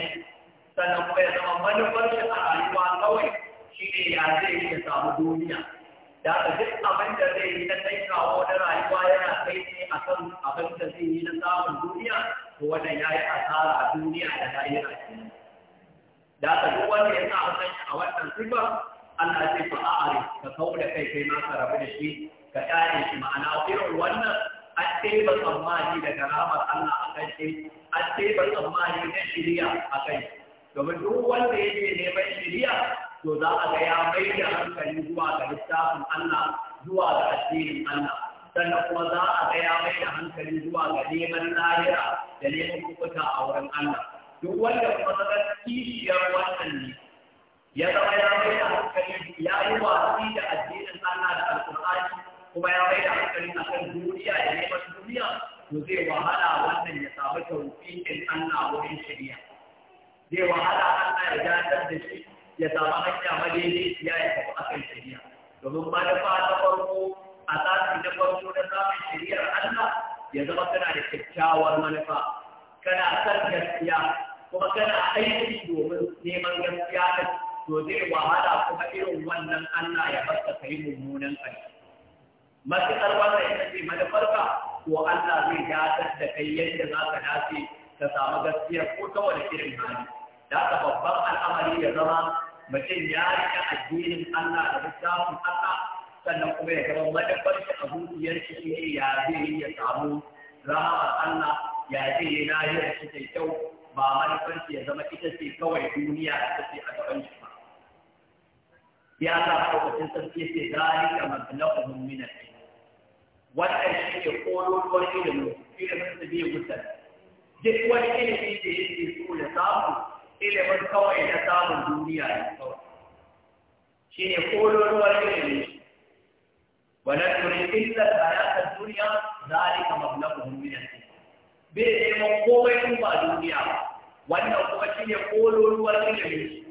[SPEAKER 1] sannan kuma ya zama manufar shi a rayuwa kawai shi ne ya zai iya samu duniya da ka duk abin da zai yi na kai wannan ya yi asara a duniya da lahira kenan da ka duk wanda ya sa kan a wannan sifa Allah ce fa a'ari ka kawo da kai kai ma rabu da shi ka kare shi ma'ana irin wannan an ɗeba tsammani da karamar Allah a kan shi an ɗeba tsammani na shirya a kai. shi domin duk wanda ya ce neman shirya to za a ga ya mai da hankali zuwa ga littafin Allah zuwa ga addinin Allah sannan kuma za a ga ya mai da hankali zuwa ga neman lahira da neman kubuta a wurin Allah duk wanda kuma saka kishiyar wannan ne
[SPEAKER 2] ya zama ya mai da hankali ya yi watsi da
[SPEAKER 1] addinin Allah da alkur'ani kuma ya mai da hankali a kan duniya da neman duniya to zai wahala wannan ya samu tauhidin Allah wurin shari'a zai wahala Allah ya dadar da shi ya samu hanya madaidaiciya ya tafi akan shari'a domin manufa ta farko a tsarin da farko na samun shiriyar Allah ya zama kana da kyakkyawar manufa kana san gaskiya kuma kana aiki domin neman gaskiya ɗin to zai wahala kuma irin wannan Allah ya barka kai mummunan kai matuƙar wannan ya ce manufarka ko Allah zai dakatar da kai yadda za ka dace ka samu gaskiya ko ta wani irin hali da ka babban al'amari ya zama mutum ya riƙe addinin Allah da lissafin Allah sannan kuma ya zama madabbar shi a zuciyar shi shi ne ya zai yi ya samu rahama Allah ya zai yi lahiyar shi ta kyau ba manufar shi ya zama ita ce kawai duniya da take a gaban shi ba ya sa lokacin sarki ya ce zalika mablaghuhum min al-ilm wannan shi ne kololuwar ilimin ilimin su bai wutar duk wani ilimi da yake so ya samu ilimin kawai na samun duniya ne kawai shi ne kololuwar ilimin ولا تريد إلا الحياة الدنيا ذلك مبلغهم من الدين بإذن قوة ما دنيا وأن قوة يقول والعلم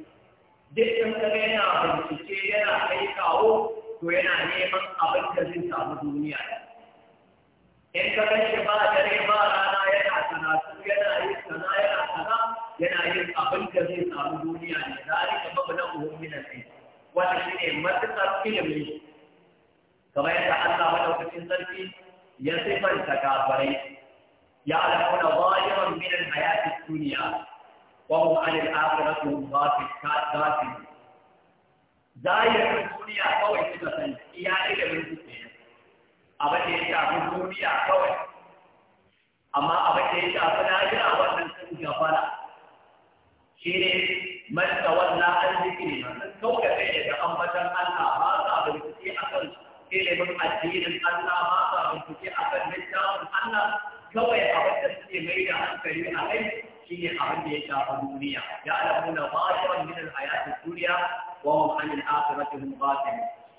[SPEAKER 1] dukkan ka yana bincike yana kai kawo to yana neman abin da zai samu duniya in ka gan ba dare ba rana yana karatu yana yin sana yana sana yana yin abin da zai samu duniya ne zalika mabna uhum min shine ilimi kamar yadda Allah madaukakin sarki ya sifanta kafare. ya alamuna zahiran min al-hayati dunya wa hum 'an al-akhirati hum ghafilun zahirin duniya kawai suka sani iya ilimin su ne abin da ya shafi duniya kawai
[SPEAKER 2] amma abin da ya shafi lahira wannan sun
[SPEAKER 1] gafara shi ne man tawalla an zikiri man kawai ilimin addinin Allah ba sa bincike a kan littafin Allah kawai abin suke mai da hankali a kai shi ne abin da ya shafa duniya ya alamu na bashiran min alhayatin duniya wa mu an al-akhirati hum sun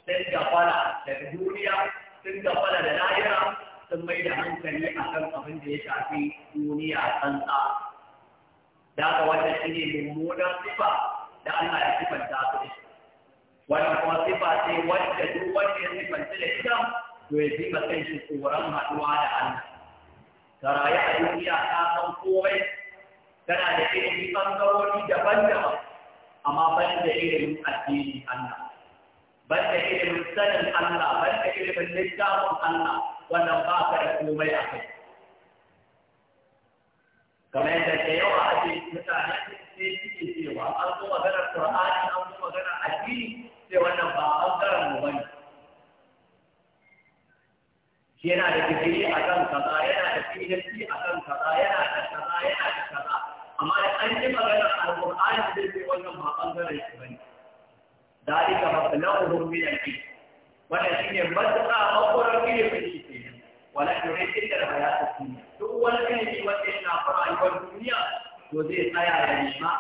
[SPEAKER 1] sai daga duniya sun ga da lahira sun mai da hankali a kan abin da ya shafi duniya tsantsa da haka wannan shi ne mummunan sifa da Allah ya sifanta su da shi
[SPEAKER 2] wannan kuma sifa ce wacce
[SPEAKER 1] duk wanda ya sifanta da ita to ya ji kan shi tsoron haɗuwa da Allah ka rayu a duniya ka san komai kana da ilimi ɓangarori daban-daban amma ban da ilimin addini Allah ban da ilimin sanin Allah ban da ilimin littafin Allah wannan ba ka da komai a kai kamar yadda da yawa a ake mutane sai suke cewa an zo maganar Qur'ani sai wannan ba ɓangaren mu bane yana da digiri a kan kaza yana da PhD a kan kaza yana da kaza yana da kaza amma da an yi magana alƙur'ani zai ce wannan ba ɓangaren shi bane dalika mablaghuhum min al-ilm wannan shine matuƙa makurar ilimin shi kenan wala yurid illa al-hayat ad-dunya duk wani ilimi wanda yana fara a duniya to zai tsaya da nima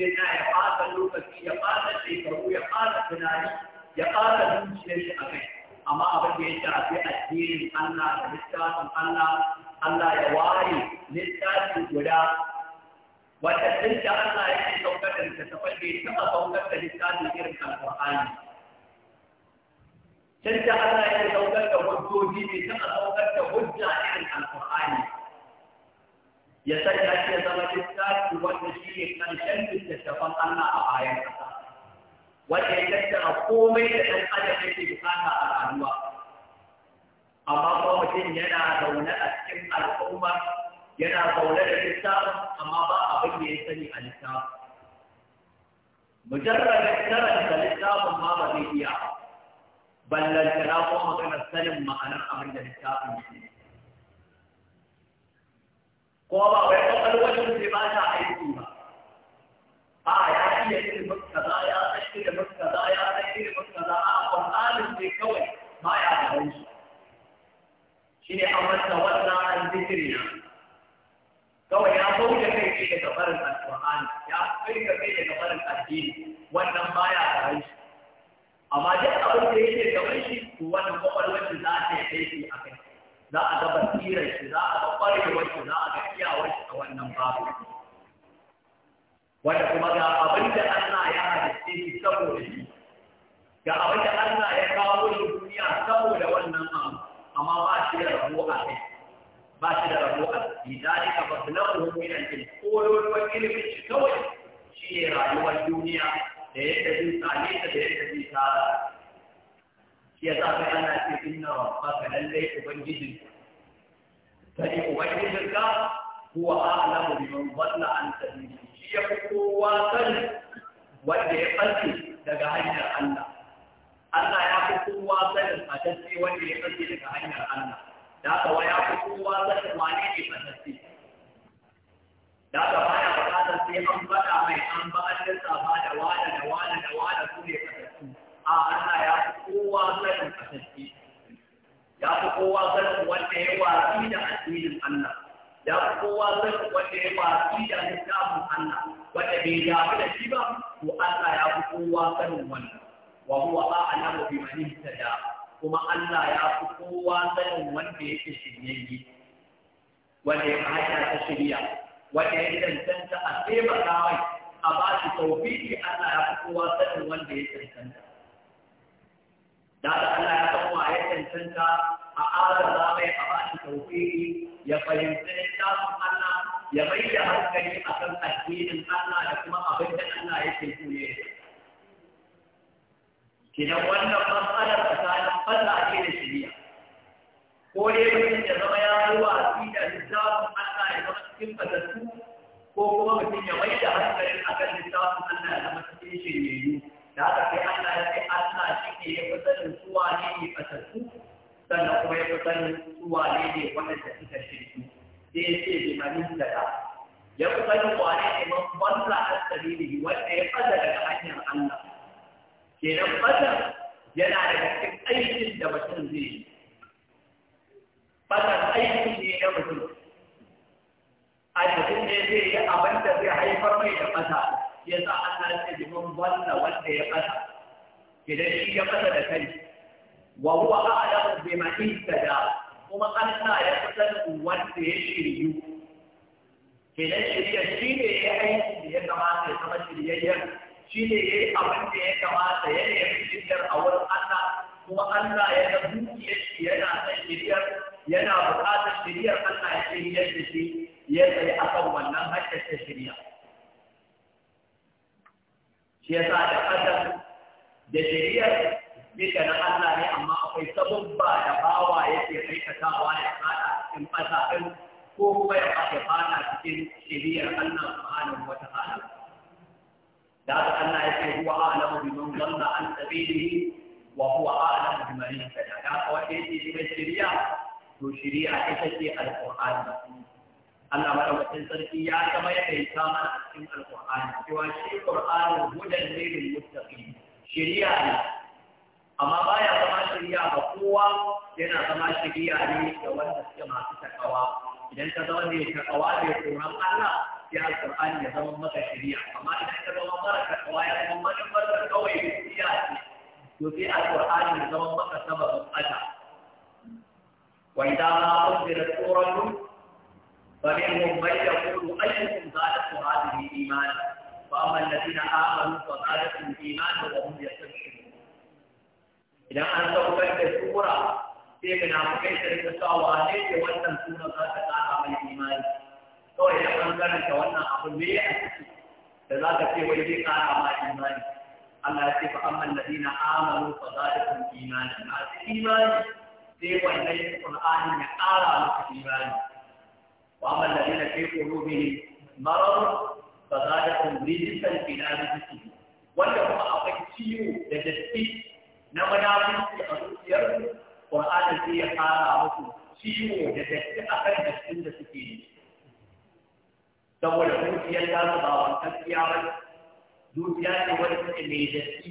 [SPEAKER 1] yana ya fata lokaci ya fata shekaru ya fata tunani ya fata zuciyar shi a kai amma abin da ya shafi addinin Allah da littafin Allah Allah ya ware littafi guda wanda duk da Allah ya ce saukar da littattafai bai taɓa saukar da littafin irin alƙur'ani
[SPEAKER 2] tun da Allah ya ce saukar da hujjoji
[SPEAKER 1] bai taɓa saukar da hujja irin alƙur'ani
[SPEAKER 2] ya sanya shi ya zama
[SPEAKER 1] littafi wanda shi ne ƙarshen littattafan Allah a bayan ƙasa wanda ya tattara komai da ɗan adam yake bukata a rayuwa
[SPEAKER 2] amma kuma mutum yana zaune
[SPEAKER 1] a cikin al'umma yana zaune da littafin amma ba abin da ya sani a littafin mujarrabin karanta littafin ma ba zai iya ballantana ko maganar sanin ma'anar abin da littafin shi ne ko ba wai kwakwalwacin sai ba ta aiki ba a ya iya da kaza ya san ilimin kaza ya san ilimin kaza a ƙwarƙalin sai kawai ba ya da shi shi ne an masa wannan an na. kawai ya zo da kai ne daga barin alƙur'ani ya kai ka kai daga barin addini wannan ba ya da shi amma duk abin da yake gaban shi to wannan kwakwalwacin za ta yi aiki a kai za a ga basirar shi za a ga ƙwarewar shi za a ga iyawar shi a wannan babu wanda kuma ga abin da Allah ya halitta shi saboda shi ga abin da Allah ya kawo shi duniya saboda wannan abu amma ba shi da rabo a kai ba shi da rabo a kai dalika baslahu ko al-ilm koyon ilimin shi kawai shi ne rayuwar duniya da yadda zai same ta da yadda zai sa shi ya sa kai ana ce inna rabbaka lallai ubangijin
[SPEAKER 2] sai ubangijin
[SPEAKER 1] ka huwa a'lamu biman dhalla an sabili shi ya fi kowa sani wanda ya farke daga hanyar Allah Allah ya fi kowa sanin fatacce wanda ya farke daga hanyar Allah da haka wa ya fi kowa sanin wane ne fatacce da haka baya bukatar sai an faɗa mai an ba'adar tsafa da wada da wada da wada su ne fatacce a Allah ya fi kowa sanin kasance ya fi kowa sanin wanda ya watsi da addinin Allah ya fi kowa sanin wanda ya watsi da littafin Allah wanda bai damu da shi ba to Allah ya fi kowa sanin wannan wa huwa a'lamu bi man ihtada kuma Allah ya fi kowa sanin wanda yake shiryayye wanda ya hanya ta shirya wanda ya tantance a taimaka mai a ba shi tawfiki Allah ya fi kowa sanin wanda ya tantance da da Allah ya san wa ya cancanta a adala mai a bashi tauhidi ya fahimci littafin Allah ya mai da hankali a kan addinin Allah da kuma abin da Allah yake so ne kidan wannan matsalar tsakanin Allah ake da shari'a ko dai mutum ya zama ya yi wa da littafin Allah ya zama cikin fatattu ko kuma mutum ya mai da hankali a kan littafin Allah ya zama cikin shiryayyu da haka Allah ya kai shi ya fi sanin su wane ne sannan kuma ya fi sanin ne wane ne waɗanda suka shirki sai ya ce bi manin daga ya fi sanin wane ne banza a sabili wanda ya fada daga hanyar Allah
[SPEAKER 2] nan fada yana da cikin
[SPEAKER 1] aikin da mutum zai yi fada aiki ne na mutum
[SPEAKER 2] a cikin ne zai yi abin da zai haifar
[SPEAKER 1] mai da fasa ya sa Allah ya ce bi man wanda ya fasa كذلك فسد كلب وهو أعلم بما انتدى وما قال ما يفسد وانتهي الشريو كذلك الشيء اللي يحيث به كما سيسمى الشريو شيء اللي أمن به كما سيسمى الشريو أول أن وما قال ما يفسد يشتينا الشريو ينا بقات الشريو قال ما يشتينا الشريو يبقى أطول نمت الشريو شيء صادق أدب da shari'ar bisa na Allah ne amma akwai sabubba da bawa yake aikatawa ya fada cikin fasafin ko kuma ya fada fada cikin shari'ar Allah subhanahu wa ta'ala da haka Allah ya ce huwa a'lamu biman dalla an sabilihi wa huwa a'lamu biman ihtada da haka wanda yake cikin shari'a to shari'a ita ce alqur'ani Allah madaukakin sarki ya kama yadda ya samar a cikin alqur'ani cewa shi qur'ani hudan lil muttaqin Shirya ne amma baya zama shirya ga kowa yana zama shirya ne ga wanda suke masu takawa idan ka zama mai takawa mai tsoron Allah sai alƙur'ani ya zama maka shari'a amma idan ka zama mara takawa ya zama da kawai shirya ce to sai alƙur'ani ya zama maka sababin ɓata وإذا ما أنزلت سورة فمنهم من يقول أيكم زادت هذه إيمانا وأما الذين آمنوا فزادتهم إيمانا وهم يستبشرون إذا أنا توكلت سورة في منافقين شركة سواني في وزن سورة ذات تعالى من إيمان تو إذا كان كان كوانا أقول لي فذاك في وجهي قال ما إيمان الله يكفي فأما الذين آمنوا فزادتهم إيمانا مع الإيمان في وجهي القرآن يقال على الإيمان وأما الذين في قلوبهم مرض ba za da kun rijistan filanin wanda kuma akwai ciwo da datti na manafinci a zuciyarsu ƙwa'ana zai ya fara musu ciwo da datti a kan dattin da suke yi saboda zuciyar ta su ba wancan tsiya zuciya ce wani suke mai datti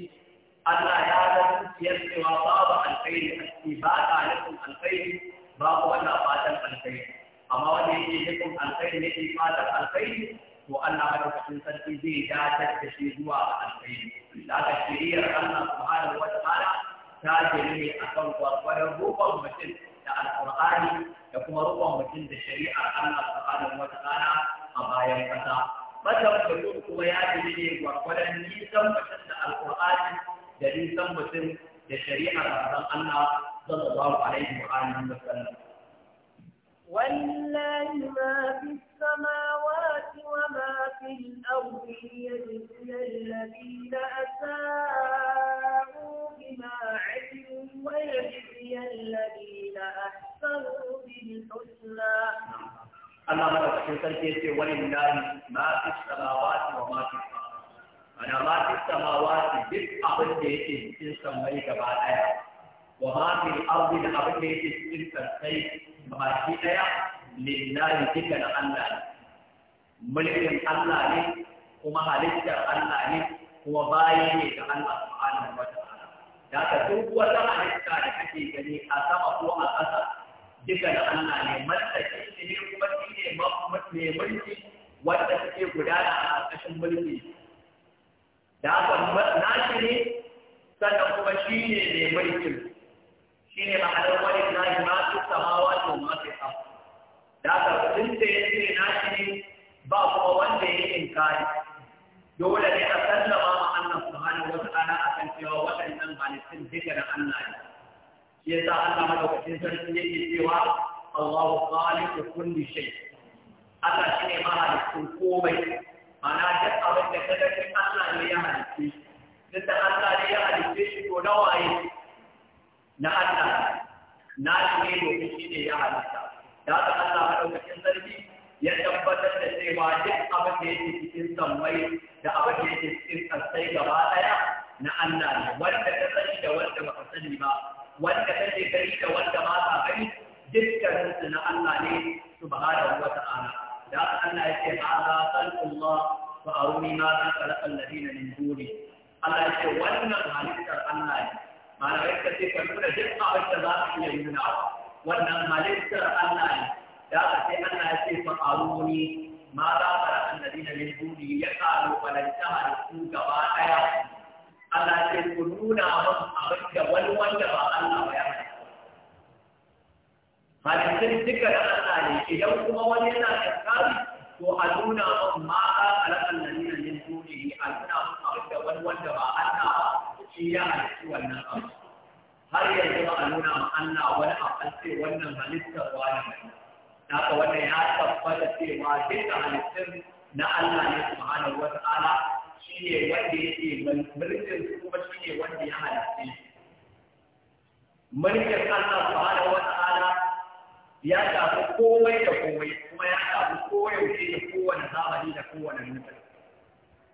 [SPEAKER 1] Allah ya ga zuciyar cewa babu alkhairi a ciki ba ta nufin alkhairi babu wannan fatan alkhairi amma wanda yake nufin alkhairi ne ke fatan alkhairi to Allah madaukakin sarki zai dace da shi zuwa ga alkhairi da aka shiriyar Allah subhanahu wataala ta jiri ne akan gwargwaron rufon mutum da alqur'ani da kuma rufon mutum da shari'ar Allah subhanahu wataala a bayan kasa matan mutum kuma ya jiri ne gwargwaron nisan mutum da alqur'ani da nisan mutum da shari'ar Allah sallallahu alaihi wa alihi wa sallam
[SPEAKER 2] والله sarki yace walillahi
[SPEAKER 1] ma fi samawati wa ma fi ana ma fi samawati duk abin da yake cikin sammai gaba daya wa ma fi ardi da abin da yake cikin sammai gaba daya lillahi da Allah ne mulkin Allah ne kuma halittar Allah ne kuma bayi ne ga Allah subhanahu wa ta'ala da ka duk wata halitta da kake gani a sama ko a ƙasa duka da Allah ne shi ne kuma mai mulki wanda suke gudana a ƙarƙashin mulki da haka nashi ne sannan kuma shi ne mai mulkin shi ne ma'anar wani na shi ma su samawa to ma su sa da haka tun da ya ce shi ne ba kuma wanda ya yi inkari dole ne a sallama ma Allah subhanahu wa a kan cewa waɗannan halittun duka da Allah ne shi yasa Allah madaukakin sarki yake cewa Allahu khaliqu kulli shay' Allah shi ne mahalicin komai mana duk abin da kada shi Allah ne ya halicce duk da Allah ne ya halicce shi to na waye na Allah na shi ne domin shi ne ya halitta da haka Allah maɗaukakin sarki ya tabbatar da cewa duk abin da yake cikin sammai da abin da yake cikin sassai gaba ɗaya na Allah ne wanda ka sani da wanda ba ka sani ba wanda ka ce gari da wanda ba ka gani dukkaninsu na Allah ne subhanahu wa ta'ala da Allah ya ce hada khalqullah fa aruni ma za khalaqa alladhina min duni Allah ya ce wannan halittar Allah ne malamai ka ce ka nuna duk abin da za ka iya nuna wannan halittar Allah ne da aka ce Allah ya ce fa aruni ma za khalaqa alladhina min duni ya qalu balanta halittu gaba daya Allah ya ce ku nuna mun abin da wani wanda ba Allah ba
[SPEAKER 2] ya malakin duka da Allah ne idan kuma wani yana da kari
[SPEAKER 1] to a nuna mun ma ka alaƙan nan ne ne a nuna mun abin da wani wanda ba Allah ba shi ya halitta wannan abu
[SPEAKER 2] har yanzu ba a nuna ma Allah wani abu sai
[SPEAKER 1] wannan halitta wani ne ka wannan ya tabbata cewa duka halittun na Allah ne subhanahu wata'ala shi ne wanda yake mulkin su kuma shi ne wanda ya halitta
[SPEAKER 2] mulkin Allah subhanahu wata'ala
[SPEAKER 1] ya shafi komai da komai kuma ya shafi koyaushe da kowane zamani da kowane mutane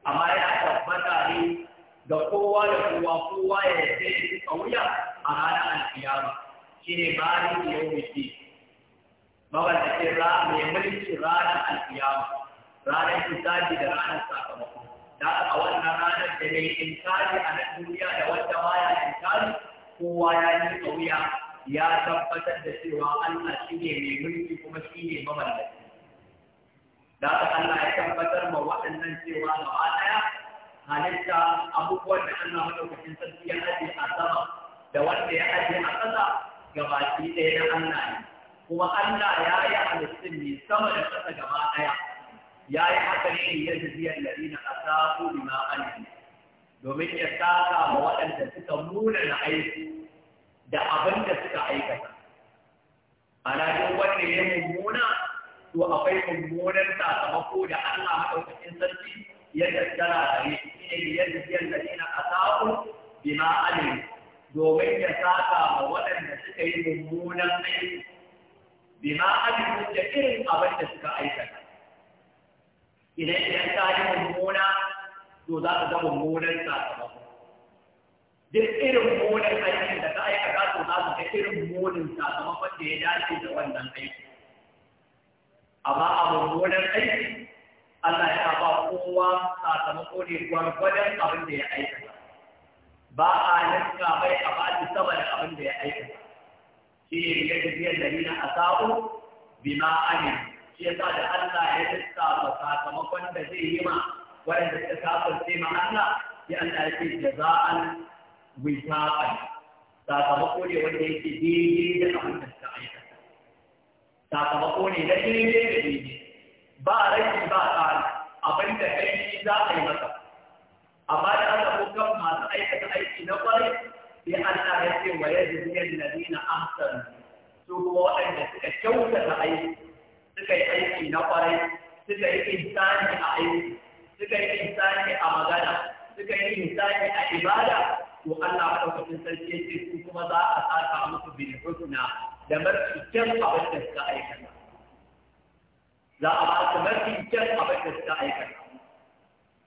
[SPEAKER 1] amma ya tabbata ne ga kowa da kowa kowa ya yarda shi fi kauya a ranar alkiyama shine maliki yawmiddin mawallakin ra mai mulki ranar alkiyama ranar hisabi da ranar sakamako da a wannan ranar da mai inkari a duniya da wanda baya inkari kowa ya yi kauya ya tabbatar da cewa Allah shi ne mai mulki kuma shi ne mamallaki
[SPEAKER 2] da haka Allah ya
[SPEAKER 1] tabbatar ma waɗannan cewa gaba ɗaya halitta abubuwan da ana madaukakin sarki ya aje a sama da wanda ya aje a ƙasa baki ɗaya na Allah ne kuma Allah ya yi halittun ne sama da ƙasa gaba ɗaya ya yi haka ne ya jiziyar ladina asabu bima alihi domin ya saka ma waɗanda suka nuna na aiki da abin da suka to akwai mummunan sakamako da Allah maɗaukakin sarki ya tattara da ne shi ne biyar da biyar da nina a sa'u bima alim domin ya saka ma waɗanda suka yi mummunan aiki bima alim da irin abin da suka aikata idan idan ka yi mummuna to za ka ga mummunan sakamako duk irin munin aikin da ka aikata to za ka ga irin munin sakamakon da ya dace da wannan aiki
[SPEAKER 2] amma a mummunan
[SPEAKER 1] aiki Allah ya ba kowa sakamako ne gwargwadon abin da ya aikata ba a yanka bai a baki sama da abin da ya aikata shi ne ya tafiyar da nuna a sa'o bima amin shi yasa da Allah ya lissafa sakamakon da zai yi ma waɗanda suka sai ma Allah sai Allah ya ce jaza'an wisaqan sakamako ne wanda yake daidai da abin da sakamako ne na daidai da daidai ba rashi ba tsari abin da kai shi za a yi masa amma da aka kan masu aikata aiki na kwarai sai Allah ya ce wa na zuyar ladina ahsan su kuma waɗanda suka kyautata aiki suka yi aiki na kwarai suka yi insani a aiki suka yi insani a magana suka yi insani a ibada to Allah ɗaukakin sarki ya ce su kuma za a saka musu bil hukuna. da mafi kyan abin da suka aikata za a ba su mafi kyan abin da suka aikata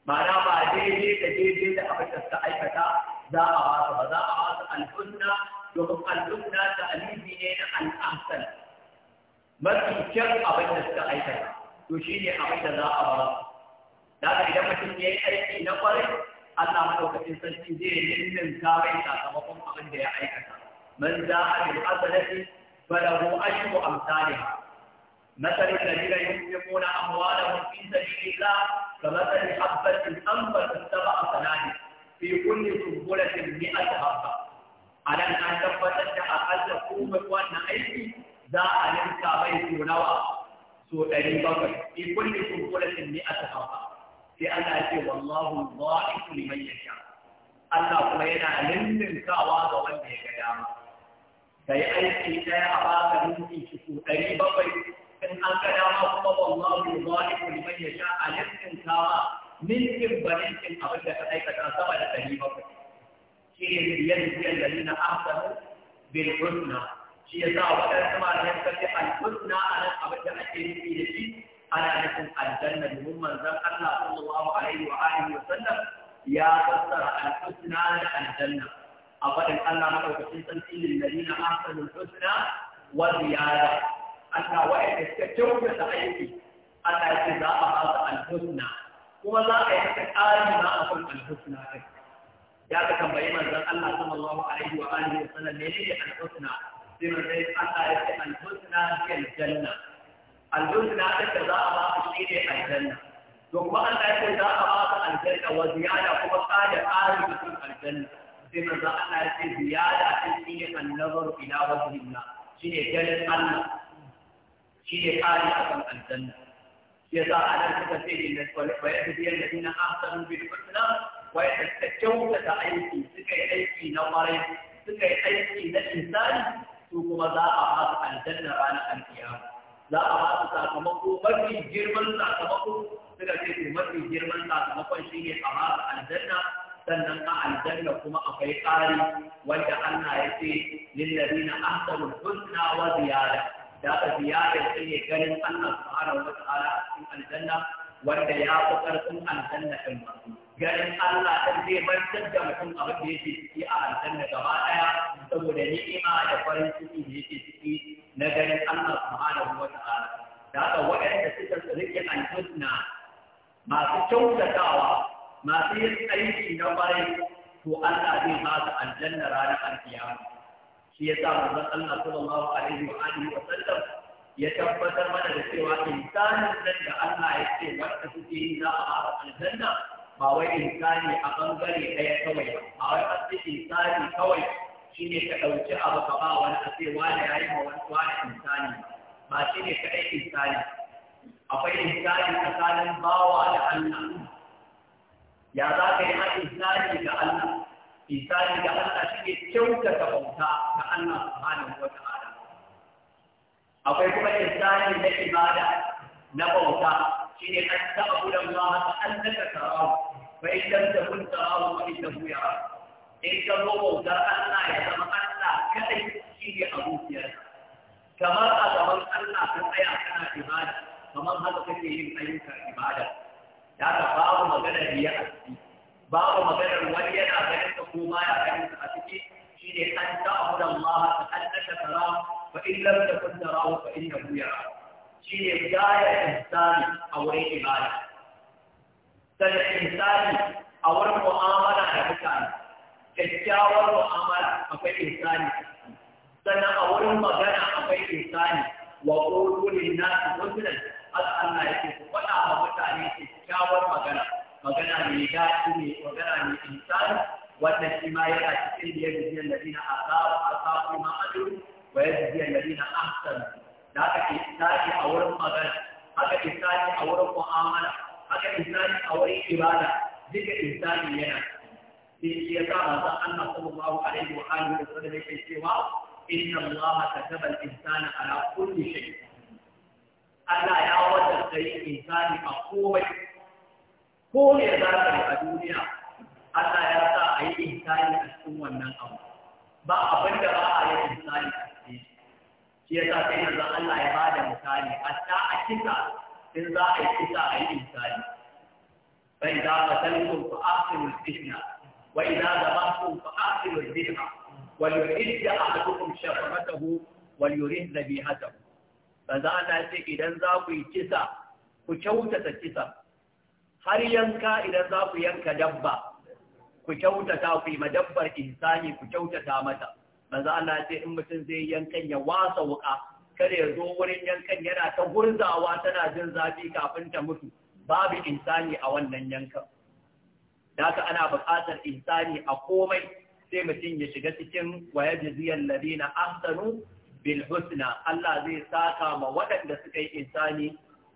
[SPEAKER 1] ma'ana ba daidai da daidai da abin da suka aikata za a ba su ba za a ba su al'unna domin al'unna ta alibi ne na al'amsal mafi kyan abin da suka aikata to shi ne abin da za a ba su da haka idan mutum ya yi aiki na kwarai Allah maɗaukacin sarki zai yi ninnin kawai sakamakon abin da ya aikata man za'a bil hasanati فله أشر أمثالها مثل الذين ينفقون أموالهم في سبيل الله كمثل حبة أنبتت سبع سنابل في كل سنبلة 100 حبة anan an tabbatar da a komai wannan aiki za a ninka mai so nawa so ɗari bakwai fi kulli kunkulatin ne a tafafa sai Allah ya ce wallahu dha'ifu liman yasha Allah kuma yana ninninkawa ga wanda ya ga
[SPEAKER 2] ka yi aiki ɗaya a baka
[SPEAKER 1] minti shuku ɗari bakwai in an ga dama kuma wallahu zalimu ya sha a yankin kama mintin ba mintin abin da ka aikata sama da ɗari bakwai shi ne biyan biyan da nuna ahsanu bil husna shi ya sa wa ɗan sama da yanka ce al husna a nan abin da ake nufi da shi ana nufin aljanna domin manzon Allah sallallahu alaihi wa alihi wa sallam ya fassara al husna da aljanna a faɗin Allah maɗaukacin sarki lillazina ahsanu husna wa ziyada Allah wa'anda suka kyautata aiki Allah ya ce za a ba su al-husna kuma za a yi haka ƙari na a kan
[SPEAKER 2] al-husna ɗin ya ka tambayi manzon Allah sallallahu alaihi wa alihi wa
[SPEAKER 1] sallam ne ne al-husna sai manzon Allah ya ce al-husna ke aljanna al-husna ɗin da za a ba su shi ne aljanna to kuma Allah ya ce za a ba su aljanna wa ziyada kuma ƙara ƙari na kan aljanna sai manzo Allah ya ce ziyada ta shine annabar ila wajhillah shine ganin Allah shine kare akan aljanna shi yasa Allah suka ce inna wa yadhiyan ladina ahsanu bil husna wa yatakawta da aiki suka yi aiki na ƙwarai? suka yi aiki na insani su kuma za a ba su aljanna ranar alkiyama za a ba su sakamako mafi girman sakamako suka ce to mafi girman sakamakon shine a ba su aljanna sannan a aljanna kuma akwai tsari wanda Allah ya ce lillazina ahsanu husna wa ziyada da ka ziyada shine ganin Allah subhanahu wa ta'ala a cikin aljanna wanda ya fi ƙarfin aljanna ɗin ba ganin Allah ɗin zai mantar da mutum a da yake ciki a aljanna gaba ɗaya saboda ni'ima da farin ciki da yake ciki na ganin Allah subhanahu wa ta'ala da haka waɗanda suka rike aljanna masu kyautatawa masu yin aiki na kwarai to Allah zai ba su aljanna ranar alkiyama shi ya sa manzon Allah sallallahu alaihi wa alihi wa sallam ya tabbatar mana da cewa insanin nan da Allah ya ce wanda suke yi za a ba aljanna ba wai insani a bangare ɗaya kawai ba ba wai an ce insani kawai
[SPEAKER 2] shine ka ɗauki abu ka ba wani a ce wani ya yi ma
[SPEAKER 1] wani wani insani ba shine kaɗai insani akwai insani tsakanin bawa da Allah ya za ka yi har isani da Allah isani ga Allah shi ne kyautata bauta ga Allah subhanahu wa akwai kuma isali na ibada na bauta shi ne an ta'budu Allah ta annaka tarahu fa in lam takun tarahu fa innahu yarak in ka zo bautar Allah ya zama Allah kadai shi ne abokiyar kamar a gaban Allah ka tsaya kana ibada kamar haka kake yin ayyukan ibada Ya haka babu magana riya a ciki babu maganar wani yana ganin ka ko ma ya ganin ka a ciki shi ne an ta'budu Allah ka annaka tara fa in lam takun tarahu fa innahu yara shi ne gaya insani a wurin ibada daga insani a wurin mu'amala da mutane kyakkyawar mu'amala akwai insani sannan a wurin magana akwai insani wa qulu lin-nasi haka Allah yake ku faɗa wa mutane kyakkyawar magana magana mai daɗi ne magana mai insani wannan shi ma yana cikin da ya jiya ladina asabu asabu ma ajru wa ya jiya ladina ahsan da haka insani a wurin magana haka insani a wurin mu'amala haka insani a wurin ibada duka insani yana sai shi ya sa manzon Allah sallallahu alaihi wa alihi wa sallam yake cewa inna Allah kataba al-insana ala kulli shay' Allah ya wata sai insani a komai ko ne za ka yi a duniya Allah ya sa a yi insani a cikin wannan abu ba abin da ba a yi insani a cikin shi ya sa sai yanzu Allah ya bada misali hatta a kisa in za a yi kisa a yi insani fa idza qataltum fa ahsinu al-fitna wa idza dhabhtum fa ahsinu al-dhibha wa yu'idda ahadukum shafratahu wa yurid dhabihatahu Kaza Allah ce idan za ku yi kisa, ku kyautata kisa, har yanka idan za ku yanka dabba, ku kyautata ku yi madabbar insani ku kyautata mata. Kaza Allah ce in mutum zai yankan ya wasa wuka, kada ya zo wurin yankan yana ta gurzawa tana jin zafi kafin ta mutu, babu insani a wannan yankan. daka ana buƙatar insani a komai sai mutum ya shiga cikin waya jiziyar ladina ahsanu bil husna Allah zai saka ma waɗanda suka yi insani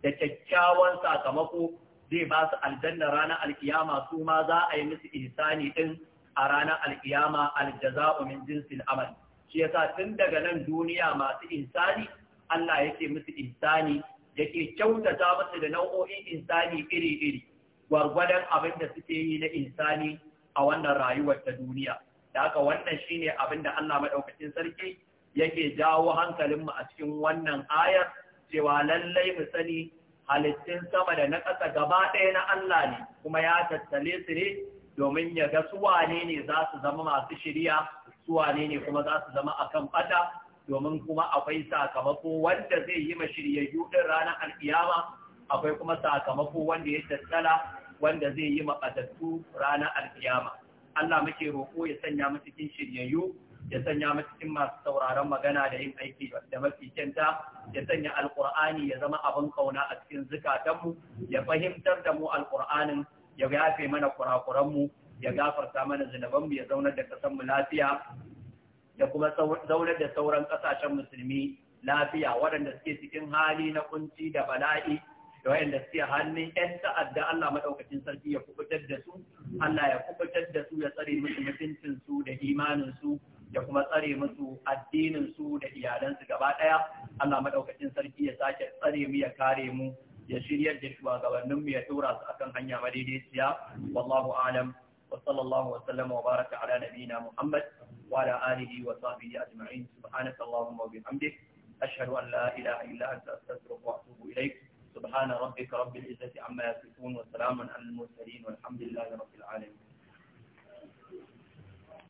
[SPEAKER 1] da kyakkyawan sakamako zai ba su aljanna ranar alkiyama su ma za a yi musu insani din a ranar alkiyama aljaza'u min jinsil amal shi yasa tun daga nan duniya masu insani Allah yake musu insani yake kyautata musu da nau'o'in insani iri-iri gwargwadon abin da suke yi na insani a wannan rayuwar ta duniya da haka wannan shine abin da Allah maɗaukacin sarki yake jawo hankalinmu a cikin wannan ayar cewa lallai mu sani halittun sama da na ƙasa gaba ɗaya na Allah ne kuma ya tattale su ne domin ya ga su wane ne za su zama masu shirya wane ne kuma za su zama akan fata domin kuma akwai sakamako wanda zai yi mashiryayyu yudin ranar al'iyama akwai kuma sakamako wanda ya tattala wanda zai yi maɓatattu ranar al'iyama Allah muke roƙo ya sanya mu cikin shiryayyu ya sanya mu cikin masu sauraron magana da yin aiki da mafi kyanta ya sanya alqur'ani ya zama abin kauna a cikin zukatanmu ya fahimtar da mu alqur'anin ya yafe mana kurakuranmu ya gafarta mana zunubanmu ya zaunar da kasanmu lafiya da kuma zaunar da sauran kasashen musulmi lafiya waɗanda suke cikin hali na kunci da bala'i da wayanda suke hannun 'yan ta'adda Allah maɗaukacin sarki ya kubutar da su Allah ya kubutar da su ya tsare musu mutuncin da imanin su ya kuma tsare musu addinin su da iyalansu gaba ɗaya Allah madaukakin sarki ya sake tsare mu ya kare mu ya shiryar da shugabannin mu ya tura su akan hanya madaidaiciya wallahu alam wa sallallahu wa sallama wa baraka ala nabina Muhammad wa ala alihi wa sahbihi ajma'in subhanaka allahumma wa bihamdik ashhadu an la ilaha illa anta astaghfiruka wa atubu ilaik سبحان ربك رب العزة عما يصفون وسلام على المرسلين والحمد لله رب العالمين